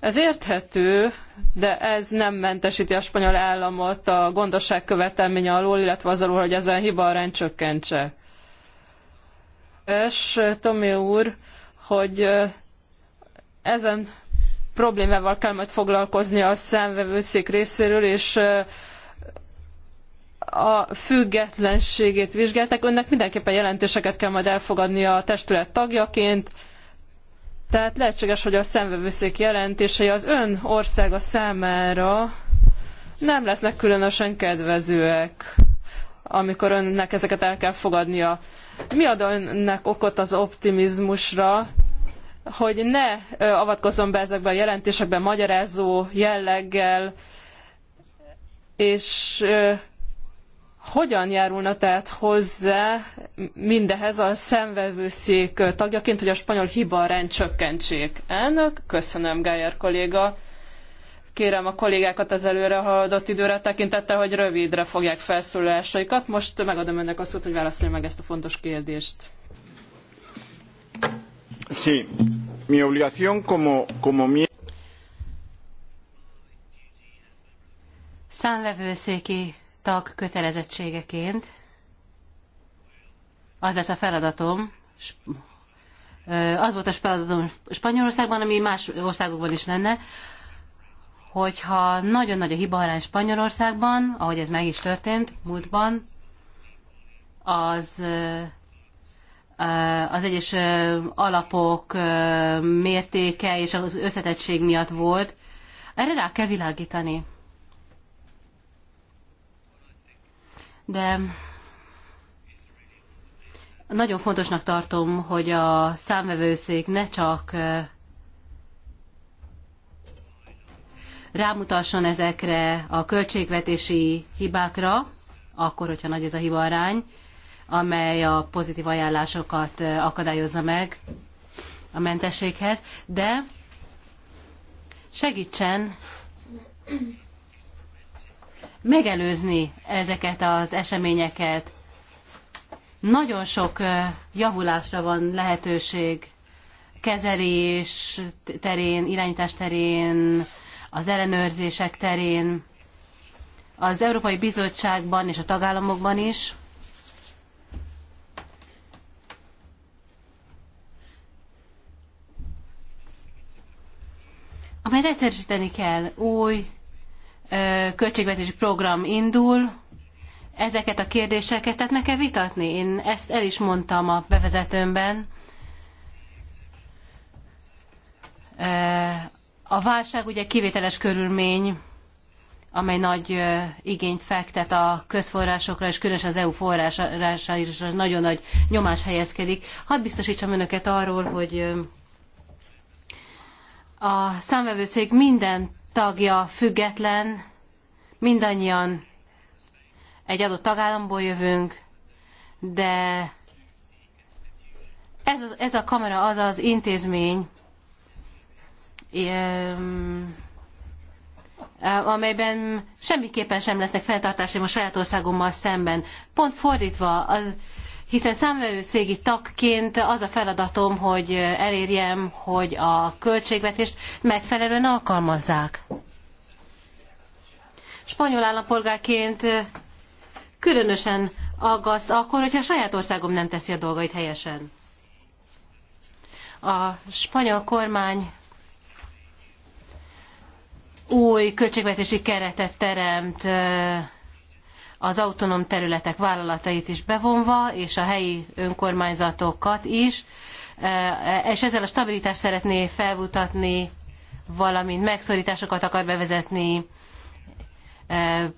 Speaker 3: Ez érthető, de ez nem mentesíti a spanyol államot a gondosság követelménye alól, illetve az alól, hogy ezen hiba arány csökkentse. És Tomi úr, hogy ezen problémával kell majd foglalkozni a számvevőszék részéről, és a függetlenségét vizsgálták. Önnek mindenképpen jelentéseket kell majd elfogadnia a testület tagjaként, tehát lehetséges, hogy a szemvevőszék jelentései az ön országa számára nem lesznek különösen kedvezőek, amikor önnek ezeket el kell fogadnia. Mi ad önnek okot az optimizmusra, hogy ne avatkozzon be ezekbe a jelentésekbe magyarázó jelleggel, és hogyan járulna tehát hozzá mindehez a szemvevőszék tagjaként, hogy a spanyol hiba arány csökkentsék? Elnök, köszönöm, Gájer kolléga. Kérem a kollégákat az előre haladott időre tekintettel, hogy rövidre fogják felszólalásaikat. Most megadom önnek a szót, hogy válaszolja meg ezt a fontos kérdést.
Speaker 1: Sí, mi obligación como, como mi...
Speaker 2: Számvevőszéki tag kötelezettségeként az lesz a feladatom, az volt a feladatom Spanyolországban, ami más országokban is lenne, hogyha nagyon nagy a hibarány Spanyolországban, ahogy ez meg is történt múltban, az Eh, az egyes eh, alapok eh, mértéke és az összetettség miatt volt. Erre rá kell világítani. De nagyon fontosnak tartom, hogy a számvevőszék ne csak rámutasson ezekre a költségvetési hibákra, akkor, hogyha nagy ez a hibarány, amely a pozitív ajánlásokat akadályozza meg a mentességhez, de segítsen megelőzni ezeket az eseményeket. Nagyon sok javulásra van lehetőség kezelés terén, irányítás terén, az ellenőrzések terén, az Európai Bizottságban és a tagállamokban is. amelyet egyszerűsíteni kell. Új költségvetési program indul, ezeket a kérdéseket, tehát meg kell vitatni. Én ezt el is mondtam a bevezetőmben. A válság ugye kivételes körülmény, amely nagy igényt fektet a közforrásokra, és különösen az EU forrásaira nagyon nagy nyomás helyezkedik. Hadd biztosítsam önöket arról, hogy a számvevőszék minden tagja független, mindannyian egy adott tagállamból jövünk, de ez, a, ez a kamera az az intézmény, amelyben semmiképpen sem lesznek fenntartásaim a saját országommal szemben. Pont fordítva, az, hiszen számvevőszégi tagként az a feladatom, hogy elérjem, hogy a költségvetést megfelelően alkalmazzák. Spanyol állampolgárként különösen aggaszt akkor, hogyha a saját országom nem teszi a dolgait helyesen. A spanyol kormány új költségvetési keretet teremt az autonóm területek vállalatait is bevonva, és a helyi önkormányzatokat is, e, e, és ezzel a stabilitást szeretné felmutatni, valamint megszorításokat akar bevezetni, e,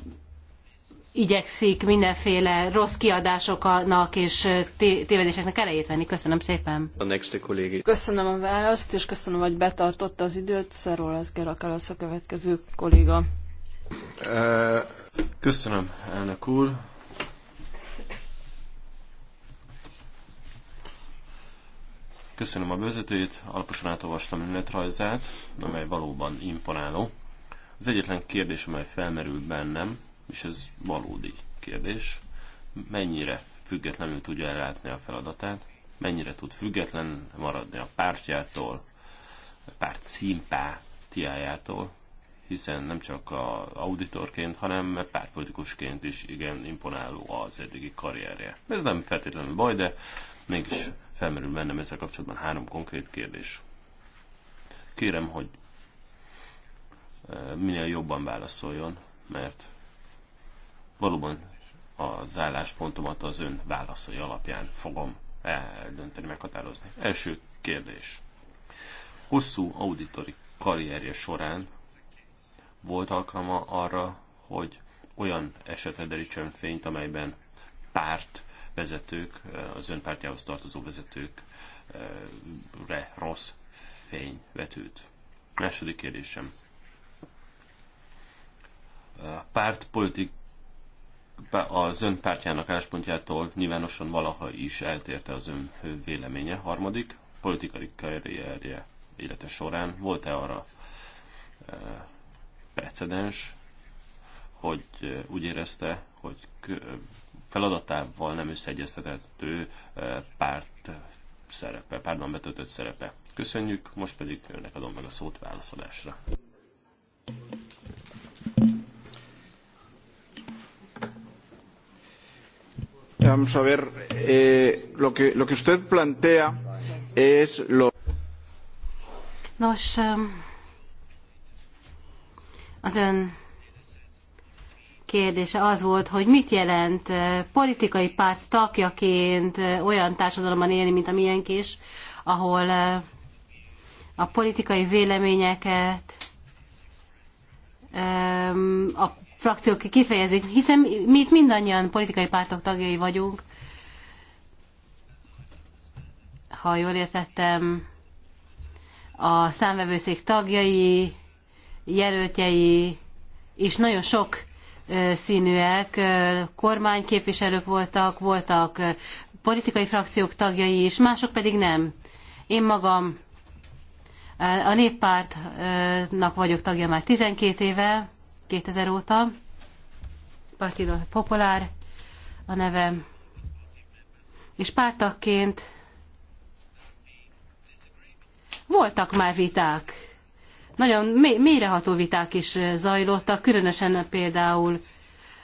Speaker 2: igyekszik mindenféle rossz kiadásoknak és tévedéseknek elejét venni. Köszönöm szépen.
Speaker 1: A next kollégi.
Speaker 2: Köszönöm a választ, és köszönöm, hogy betartotta az időt. Szerol Eszger, a következő
Speaker 3: kolléga.
Speaker 4: Uh... Köszönöm, elnök úr. Köszönöm a bevezetőjét, alaposan átolvastam önéletrajzát, amely valóban imponáló. Az egyetlen kérdés, amely felmerül bennem, és ez valódi kérdés, mennyire függetlenül tudja ellátni a feladatát, mennyire tud független maradni a pártjától, a párt szimpátiájától, hiszen nem csak a auditorként, hanem pártpolitikusként is igen imponáló az eddigi karrierje. Ez nem feltétlenül baj, de mégis felmerül bennem ezzel kapcsolatban három konkrét kérdés. Kérem, hogy e, minél jobban válaszoljon, mert valóban az álláspontomat az ön válaszai alapján fogom eldönteni, meghatározni. Első kérdés. Hosszú auditori karrierje során volt alkalma arra, hogy olyan esetre derítsen fényt, amelyben párt vezetők, eh, az önpártjához tartozó vezetőkre eh, rossz fény vetült. Második kérdésem. A párt politik, az ön pártjának álláspontjától nyilvánosan valaha is eltérte az ön véleménye. Harmadik, politikai karrierje élete során volt-e arra eh, precedens, hogy úgy érezte, hogy feladatával nem összeegyeztethető párt szerepe, pártban betöltött szerepe. Köszönjük, most pedig önnek adom meg a szót válaszolásra.
Speaker 1: Vamos a ver, eh, lo, que, lo que usted plantea es lo...
Speaker 2: Nos, um... Az ön kérdése az volt, hogy mit jelent eh, politikai párt tagjaként eh, olyan társadalomban élni, mint a miénk is, ahol eh, a politikai véleményeket a frakciók kifejezik, hiszen mi itt mindannyian politikai pártok tagjai vagyunk. Ha jól értettem, a számvevőszék tagjai, jelöltjei is nagyon sok színűek, kormányképviselők voltak, voltak politikai frakciók tagjai is, mások pedig nem. Én magam a néppártnak vagyok tagja már 12 éve, 2000 óta, Partido Popolár a nevem, és pártakként voltak már viták nagyon mélyreható viták is eh, zajlottak, különösen például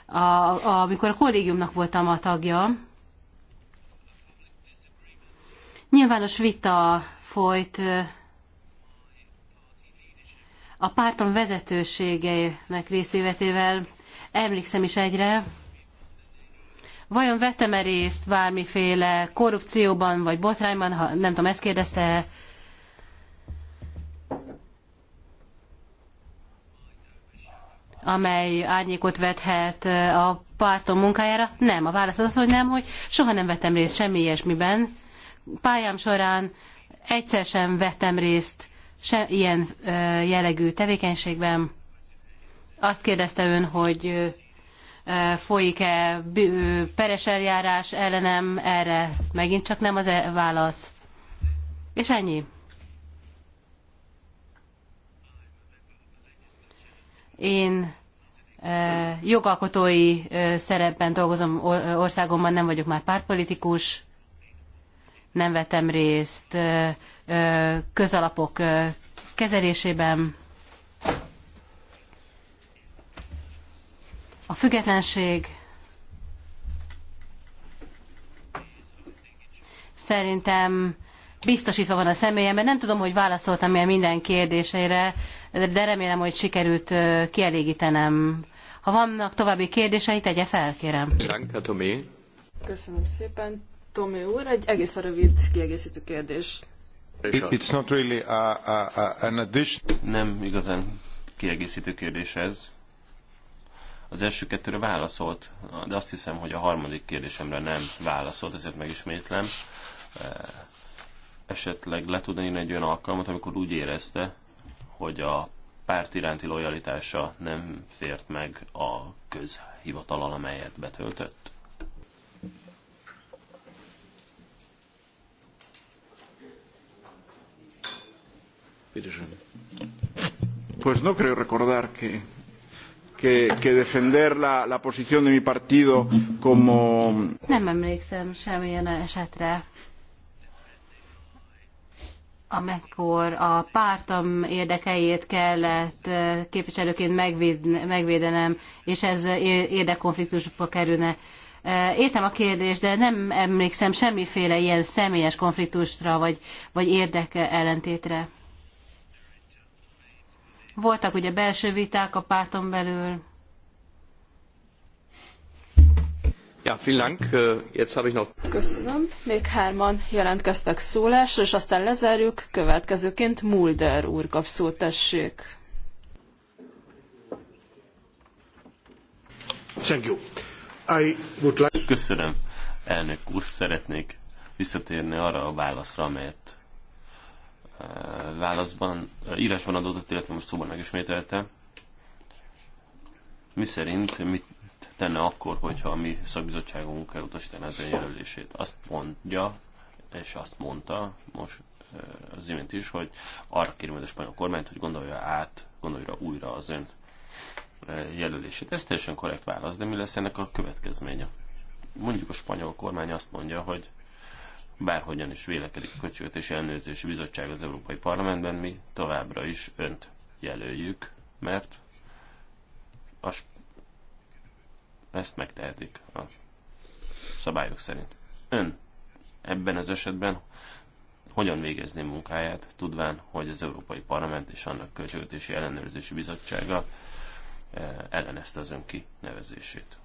Speaker 2: a, a, amikor a kollégiumnak voltam a tagja. Nyilvános vita folyt eh, a pártom vezetőségeinek részvévetével, emlékszem is egyre, vajon vettem-e részt bármiféle korrupcióban vagy botrányban, ha nem tudom, ezt kérdezte amely árnyékot vethet eh, a pártom munkájára? Nem. A válasz az, hogy nem, hogy soha nem vettem részt semmi ilyesmiben. Pályám során egyszer sem vettem részt se ilyen eh, jellegű tevékenységben. Azt kérdezte ön, hogy eh, folyik-e peres eljárás ellenem, erre megint csak nem az -e válasz. És ennyi. Én e, jogalkotói e, szerepben dolgozom országomban, nem vagyok már pártpolitikus, nem vettem részt e, közalapok kezelésében. A függetlenség szerintem biztosítva van a személyem, mert nem tudom, hogy válaszoltam e minden kérdésére, de remélem, hogy sikerült kielégítenem. Ha vannak további kérdései, tegye fel, kérem.
Speaker 3: Köszönöm szépen. Tomé úr, egy egész rövid kiegészítő kérdés.
Speaker 4: It's not really a, a, a, an addition. Nem igazán kiegészítő kérdés ez. Az első kettőre válaszolt, de azt hiszem, hogy a harmadik kérdésemre nem válaszolt, ezért megismétlem esetleg le tudna írni egy olyan alkalmat, amikor úgy érezte, hogy a párt iránti lojalitása nem fért meg a közhivatal amelyet betöltött?
Speaker 1: Pues no creo recordar que, que, que defender la, la posición de mi partido como...
Speaker 2: Nem emlékszem semmilyen esetre, amikor a pártam érdekeit kellett eh, képviselőként megvédenem, és ez érdekkonfliktusba kerülne. Eh, értem a kérdést, de nem emlékszem semmiféle ilyen személyes konfliktusra, vagy, vagy érdeke ellentétre. Voltak ugye belső viták a párton belül,
Speaker 1: Ja, vielen Dank. Äh, jetzt habe ich noch...
Speaker 3: Köszönöm. Még hárman jelentkeztek szólásra, és aztán lezárjuk. Következőként Mulder úr kap szót, tessék.
Speaker 4: Thank you. I would like... Köszönöm. Elnök úr, szeretnék visszatérni arra a válaszra, amelyet eh, válaszban, eh, írásban adódott, illetve most szóban megismételte, mi szerint mit tenne akkor, hogyha a mi szakbizottságunk elutasítaná ezen jelölését. Azt mondja, és azt mondta most eh, az imént is, hogy arra kérem a spanyol kormányt, hogy gondolja át, gondolja újra az ön eh, jelölését. Ez teljesen korrekt válasz, de mi lesz ennek a következménye? Mondjuk a spanyol kormány azt mondja, hogy bárhogyan is vélekedik a Költségvetési Ellenőrzési Bizottság az Európai Parlamentben, mi továbbra is önt jelöljük, mert a ezt megtehetik a szabályok szerint. Ön ebben az esetben hogyan végezni munkáját, tudván, hogy az Európai Parlament és annak Költségvetési Ellenőrzési Bizottsága eh, ellenezte az ön kinevezését.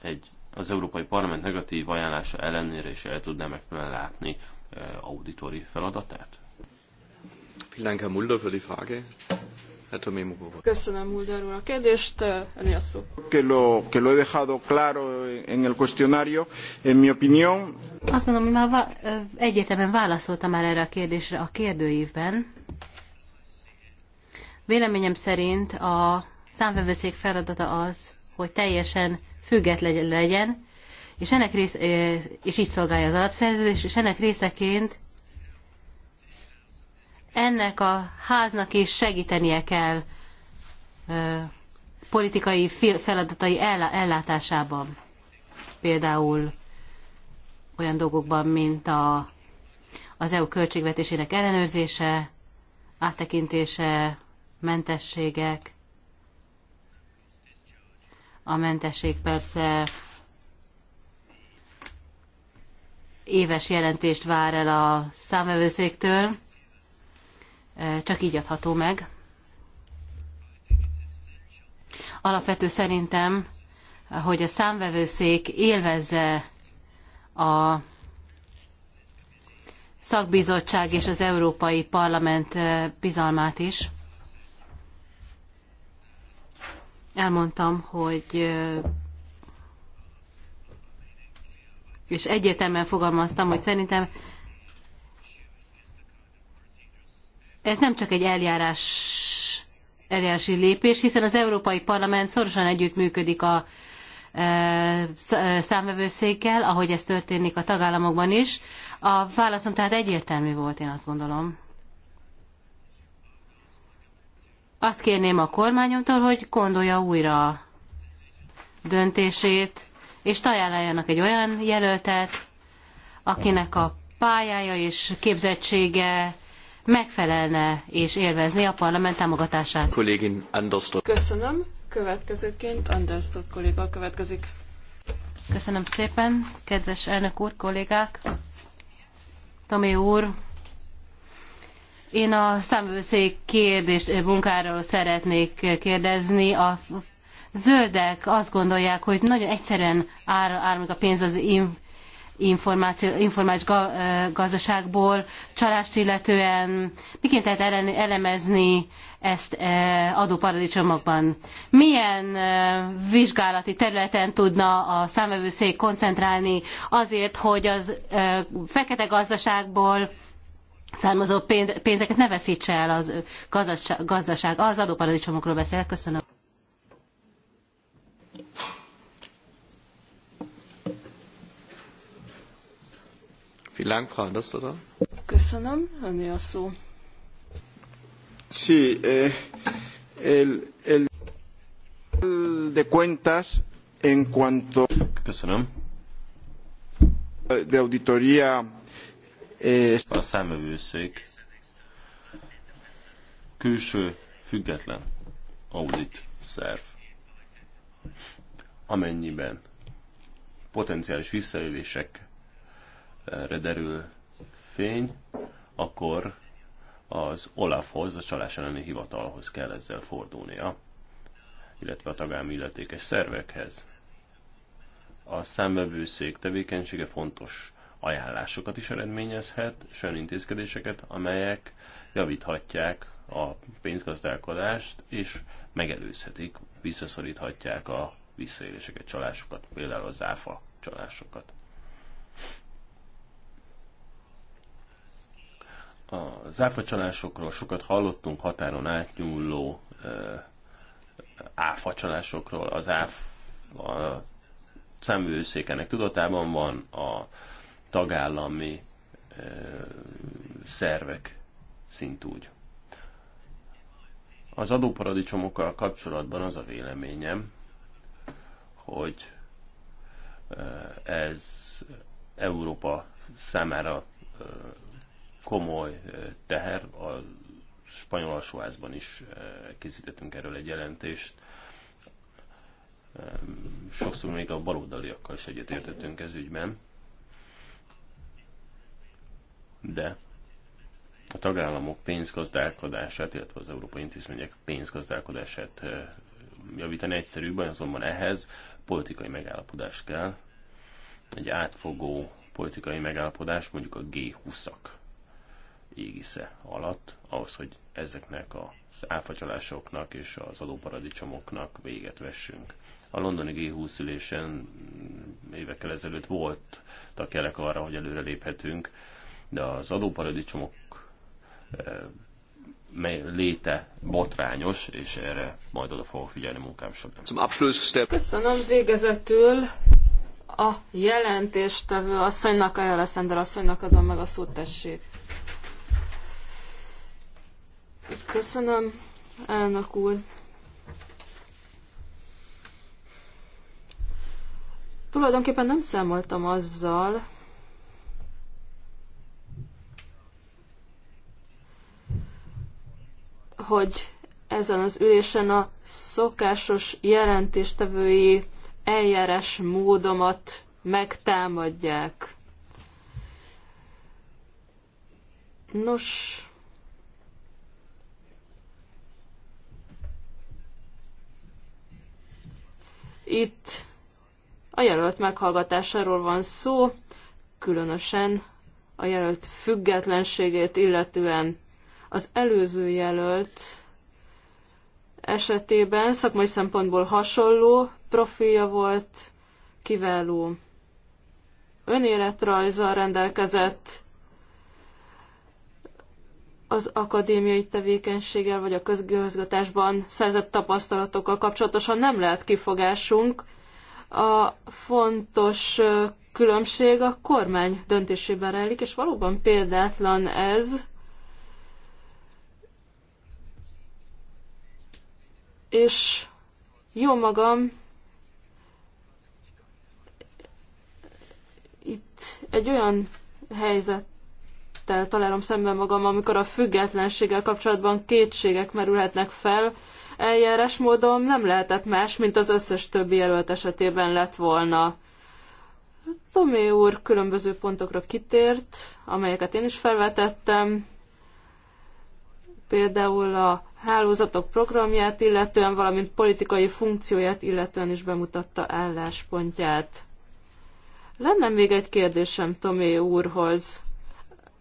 Speaker 4: Egy az Európai Parlament negatív ajánlása ellenére is el tudná megfelelően látni
Speaker 1: eh, auditori feladatát? Vielen Dank, Herr Mulder, für die Frage. Hát,
Speaker 3: Köszönöm Mulder úr a kérdést, Ennyi a szó.
Speaker 1: Que lo, que lo he dejado claro en el cuestionario, en mi opinión.
Speaker 2: Azt mondom, hogy már va- egyetemen válaszoltam már erre a kérdésre a kérdőívben. Véleményem szerint a számvevőszék feladata az, hogy teljesen független legyen, és, ennek rész, és így szolgálja az alapszerződés, és ennek részeként ennek a háznak is segítenie kell politikai feladatai ellátásában. Például olyan dolgokban, mint a, az EU költségvetésének ellenőrzése, áttekintése, mentességek. A mentesség persze éves jelentést vár el a számvevőszéktől, E, csak így adható meg. Alapvető szerintem, hogy a számvevőszék élvezze a szakbizottság és az Európai Parlament e, bizalmát is. Elmondtam, hogy e, és egyértelműen fogalmaztam, hogy szerintem ez nem csak egy eljárás, eljárási lépés, hiszen az Európai Parlament szorosan együttműködik a e, e, számvevőszékkel, ahogy ez történik a tagállamokban is. A válaszom tehát egyértelmű volt, én azt gondolom. Azt kérném a kormányomtól, hogy gondolja újra döntését, és találjanak egy olyan jelöltet, akinek a pályája és képzettsége megfelelne és élvezné a parlament támogatását.
Speaker 1: Kollégin Andersdott.
Speaker 3: Köszönöm. Következőként Andersdott kolléga következik.
Speaker 2: Köszönöm szépen, kedves elnök úr, kollégák. Tomi úr, én a számvőszék kérdést eh, munkáról szeretnék kérdezni. A zöldek azt gondolják, hogy nagyon egyszerűen áll, áll meg a pénz az in, információ, informális gazdaságból, csalást illetően, miként lehet elemezni ezt adóparadicsomokban. Milyen vizsgálati területen tudna a számvevőszék koncentrálni azért, hogy az fekete gazdaságból származó pénzeket ne veszítse el az gazdaság. Az adóparadicsomokról beszélek. Köszönöm.
Speaker 1: Vielen
Speaker 3: Köszönöm, öné a szó.
Speaker 1: Sí, eh, el, el de cuentas en cuanto Köszönöm. de auditoría
Speaker 4: eh, a számövőszék külső független audit szerv amennyiben potenciális visszaélések erre derül fény, akkor az Olafhoz, a csalás elleni hivatalhoz kell ezzel fordulnia, illetve a tagállami illetékes szervekhez. A számbevőszék tevékenysége fontos ajánlásokat is eredményezhet, és olyan intézkedéseket, amelyek javíthatják a pénzgazdálkodást, és megelőzhetik, visszaszoríthatják a visszaéléseket, csalásokat, például az áfa csalásokat. Az áfacsalásokról sokat hallottunk, határon átnyúló áfacsalásokról. Az áf a számvőszékenek tudatában van a tagállami szervek szintúgy. Az adóparadicsomokkal kapcsolatban az a véleményem, hogy ez Európa számára komoly teher. A spanyol alsóházban is készítettünk erről egy jelentést. Sokszor még a baloldaliakkal is egyetértettünk ez ügyben. De a tagállamok pénzgazdálkodását, illetve az európai intézmények pénzgazdálkodását javítani egyszerűbb, azonban ehhez politikai megállapodás kell. Egy átfogó politikai megállapodás, mondjuk a G20-ak égisze alatt ahhoz, hogy ezeknek az áfacsalásoknak és az adóparadicsomoknak véget vessünk. A londoni G20 ülésen évekkel ezelőtt voltak jelek arra, hogy előreléphetünk, de az adóparadicsomok eh, léte botrányos, és erre majd oda fogok figyelni munkám során. Köszönöm
Speaker 3: végezetül a jelentéstevő asszonynak, a Jeleszender asszonynak adom meg a szót, tessék. Köszönöm, elnök úr. Tulajdonképpen nem számoltam azzal, hogy ezen az ülésen a szokásos jelentéstevői eljárás módomat megtámadják. Nos, Itt a jelölt meghallgatásáról van szó, különösen a jelölt függetlenségét illetően az előző jelölt esetében szakmai szempontból hasonló profilja volt, kiváló önéletrajzzal rendelkezett, az akadémiai tevékenységgel vagy a közgőzgatásban szerzett tapasztalatokkal kapcsolatosan nem lehet kifogásunk. A fontos különbség a kormány döntésében rejlik, és valóban példátlan ez. És jó magam, itt egy olyan helyzet helyzettel találom szemben magam, amikor a függetlenséggel kapcsolatban kétségek merülhetnek fel. Eljárás módon nem lehetett más, mint az összes többi jelölt esetében lett volna. Tomé úr különböző pontokra kitért, amelyeket én is felvetettem, például a hálózatok programját illetően, valamint politikai funkcióját illetően is bemutatta álláspontját. Lenne még egy kérdésem Tomé úrhoz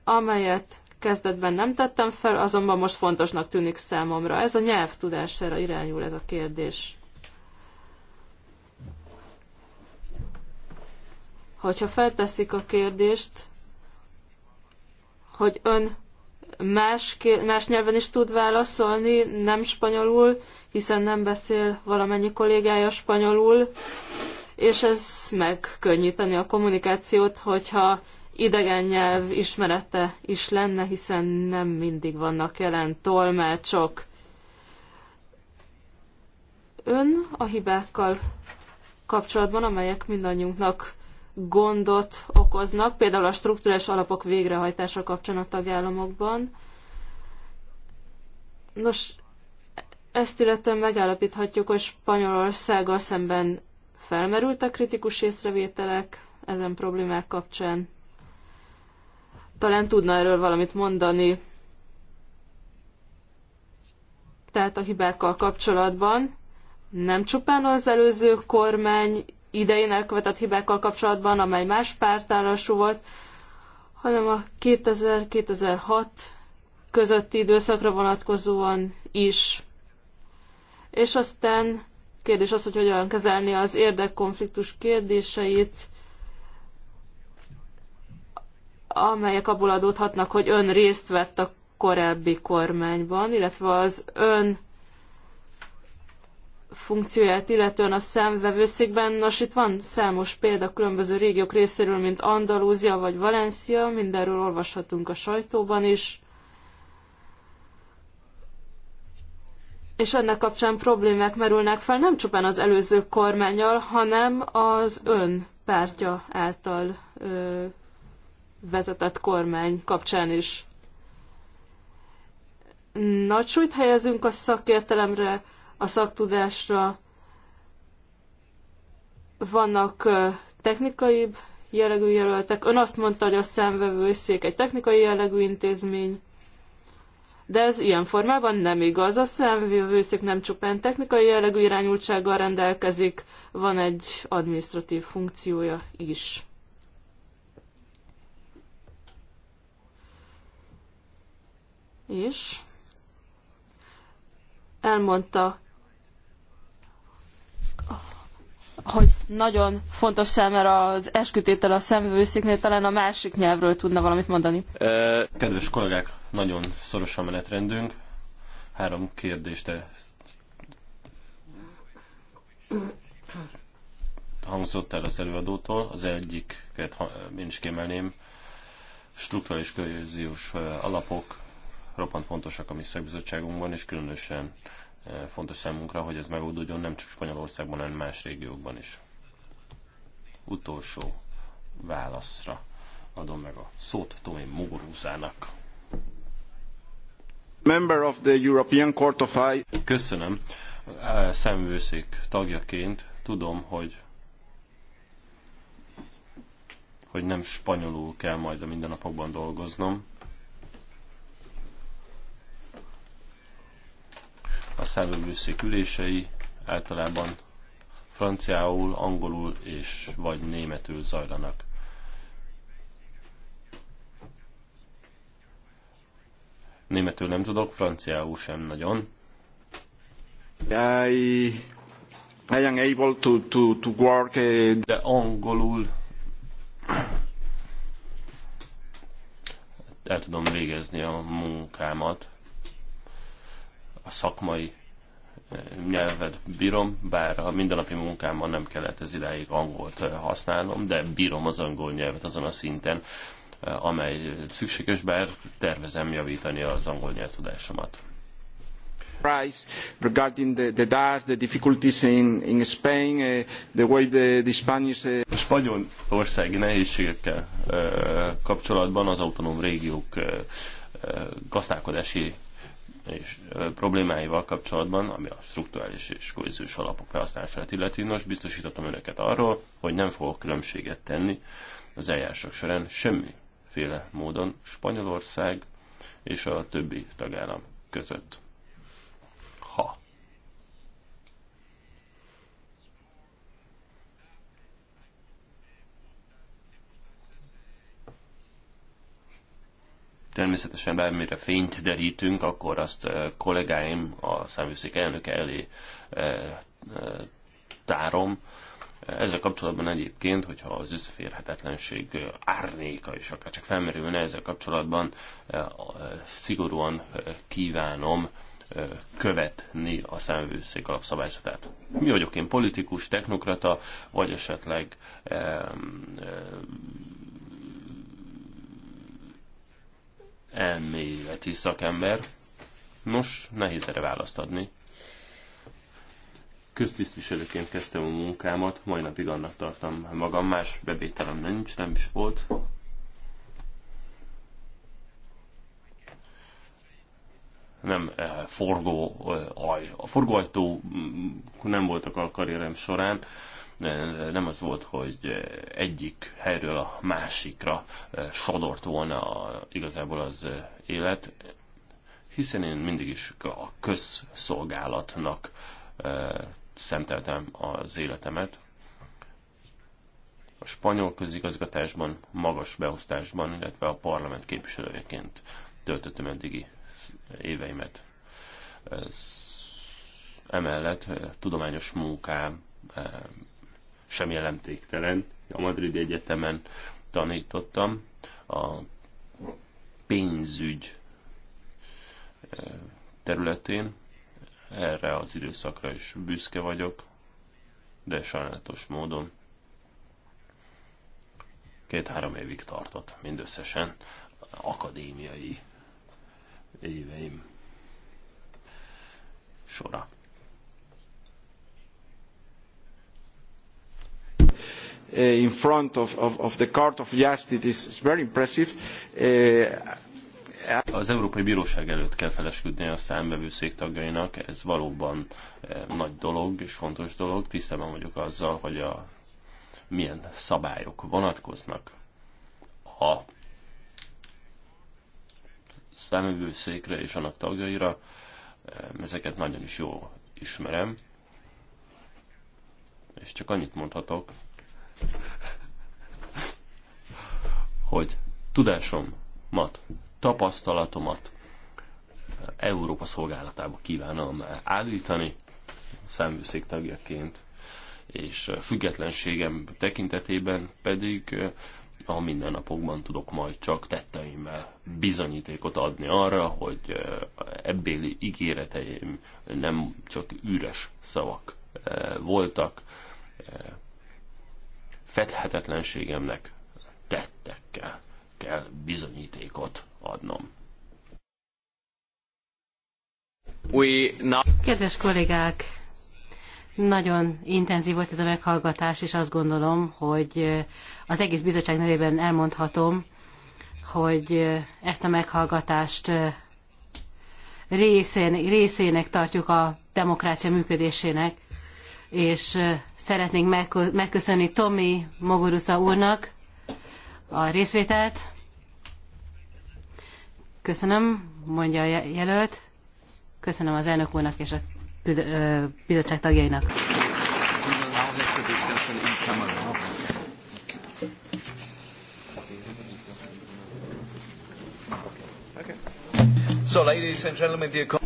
Speaker 3: amelyet kezdetben nem tettem fel, azonban most fontosnak tűnik számomra. Ez a nyelvtudására irányul ez a kérdés. Hogyha felteszik a kérdést, hogy ön más, más nyelven is tud válaszolni, nem spanyolul, hiszen nem beszél valamennyi kollégája spanyolul, és ez megkönnyíteni a kommunikációt, hogyha idegen nyelv ismerete is lenne, hiszen nem mindig vannak jelen tolmácsok. Ön a hibákkal kapcsolatban, amelyek mindannyiunknak gondot okoznak, például a struktúrás alapok végrehajtása kapcsán a tagállamokban. Nos, ezt illetően megállapíthatjuk, hogy Spanyolországgal szemben felmerültek kritikus észrevételek ezen problémák kapcsán. Talán tudna erről valamit mondani. Tehát a hibákkal kapcsolatban nem csupán az előző kormány idején elkövetett hibákkal kapcsolatban, amely más pártállású volt, hanem a 2000-2006 közötti időszakra vonatkozóan is. És aztán kérdés az, hogy hogyan kezelni az érdekkonfliktus kérdéseit, amelyek abból adódhatnak, hogy ön részt vett a korábbi kormányban, illetve az ön funkcióját, illetően a számvevőszékben. Nos, itt van számos példa különböző régiók részéről, mint Andalúzia vagy Valencia, mindenről olvashatunk a sajtóban is. És ennek kapcsán problémák merülnek fel nem csupán az előző kormányal, hanem az ön pártja által ö, vezetett kormány kapcsán is. Nagy súlyt helyezünk a szakértelemre, a szaktudásra. Vannak technikai jellegű jelöltek. Ön azt mondta, hogy a számvevőszék egy technikai jellegű intézmény, de ez ilyen formában nem igaz. A szemvevőszék nem csupán technikai jellegű irányultsággal rendelkezik, van egy administratív funkciója is. és elmondta, hogy nagyon fontos számára az eskütétel a szemvőszéknél, talán a másik nyelvről tudna valamit mondani.
Speaker 4: Kedves kollégák, nagyon szoros a menetrendünk. Három kérdést e- hangzott el az előadótól. Az egyiket én is kiemelném, strukturális kohéziós alapok roppant fontosak a mi szakbizottságunkban, és különösen eh, fontos számunkra, hogy ez megoldódjon nem csak Spanyolországban, hanem más régiókban is. Utolsó válaszra adom meg a szót Tomi Mogorúzának.
Speaker 1: Member of the European Court of I... Köszönöm.
Speaker 4: Eh, szemvőszék tagjaként tudom, hogy hogy nem spanyolul kell majd a mindennapokban dolgoznom, A számvevőszék ülései általában franciául, angolul és vagy németül zajlanak. Németül nem tudok, franciául sem nagyon.
Speaker 1: I, I am able to, to, to work... A... Eh, De angolul
Speaker 4: el tudom végezni a munkámat a szakmai eh, nyelvet bírom, bár a mindennapi munkámban nem kellett ez idáig angolt eh, használnom, de bírom az angol nyelvet azon a szinten, eh, amely szükséges, bár tervezem javítani az angol nyelvtudásomat.
Speaker 1: Price regarding the, the dark, the difficulties in, in Spain, uh, the way the, the Spanish... Uh...
Speaker 4: A országi nehézségekkel uh, kapcsolatban az autonóm régiók uh, gazdálkodási és problémáival kapcsolatban, ami a strukturális és kohéziós alapok felhasználását illeti, most biztosítottam önöket arról, hogy nem fogok különbséget tenni az eljárások során semmiféle módon Spanyolország és a többi tagállam között. természetesen bármire fényt derítünk, akkor azt kollégáim a számvőszék elnöke elé tárom. Ezzel kapcsolatban egyébként, hogyha az összeférhetetlenség árnéka is akár csak felmerülne, ezzel kapcsolatban szigorúan kívánom követni a számvőszék alapszabályzatát. Mi vagyok én, politikus, technokrata, vagy esetleg elméleti szakember. Nos, nehéz erre választ adni. Köztisztviselőként kezdtem a munkámat, mai napig annak tartom magam, más bevételem nincs, nem is volt. nem eh, forgó eh, aj. A forgóajtó nem voltak a karrierem során nem az volt, hogy egyik helyről a másikra sodort volna a, igazából az élet, hiszen én mindig is a közszolgálatnak szenteltem az életemet. A spanyol közigazgatásban, magas beosztásban, illetve a parlament képviselőjeként töltöttem eddigi éveimet. emellett tudományos munkám sem jelentéktelen. A Madrid Egyetemen tanítottam a pénzügy eh, területén. Erre az időszakra is büszke vagyok, de sajnálatos módon két-három évig tartott mindösszesen akadémiai éveim sora.
Speaker 1: uh, in front of, of, of the Court of Justice is, very impressive. Uh,
Speaker 4: az Európai Bíróság előtt kell felesküdni a számbevőszék tagjainak, ez valóban eh, nagy dolog és fontos dolog. Tisztában vagyok azzal, hogy a, milyen szabályok vonatkoznak a számbevőszékre és annak tagjaira. Eh, ezeket nagyon is jól ismerem. És csak annyit mondhatok, hogy tudásomat, tapasztalatomat Európa szolgálatába kívánom állítani, szemvőszék tagjaként, és függetlenségem tekintetében pedig eh, a mindennapokban tudok majd csak tetteimmel bizonyítékot adni arra, hogy eh, ebbéli ígéreteim nem csak üres szavak eh, voltak, fedhetetlenségemnek tettekkel kell bizonyítékot
Speaker 1: adnom.
Speaker 2: Kedves kollégák, nagyon intenzív volt ez a meghallgatás, és azt gondolom, hogy az egész bizottság nevében elmondhatom, hogy ezt a meghallgatást részén, részének tartjuk a demokrácia működésének, és szeretnénk megköszönni Tomi Mogorusza úrnak a részvételt. Köszönöm, mondja a jelölt. Köszönöm az elnök úrnak és a bizottság tagjainak.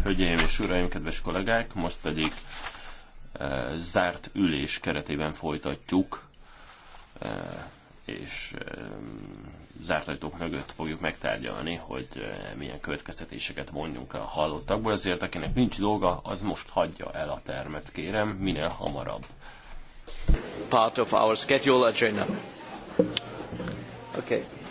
Speaker 4: Hölgyeim és uraim, kedves kollégák, most pedig zárt ülés keretében folytatjuk, és zárt ajtók mögött fogjuk megtárgyalni, hogy milyen következtetéseket vonjunk a hallottakból. Ezért akinek nincs dolga, az most hagyja el a termet, kérem, minél hamarabb. Part of our schedule
Speaker 1: agenda. Okay.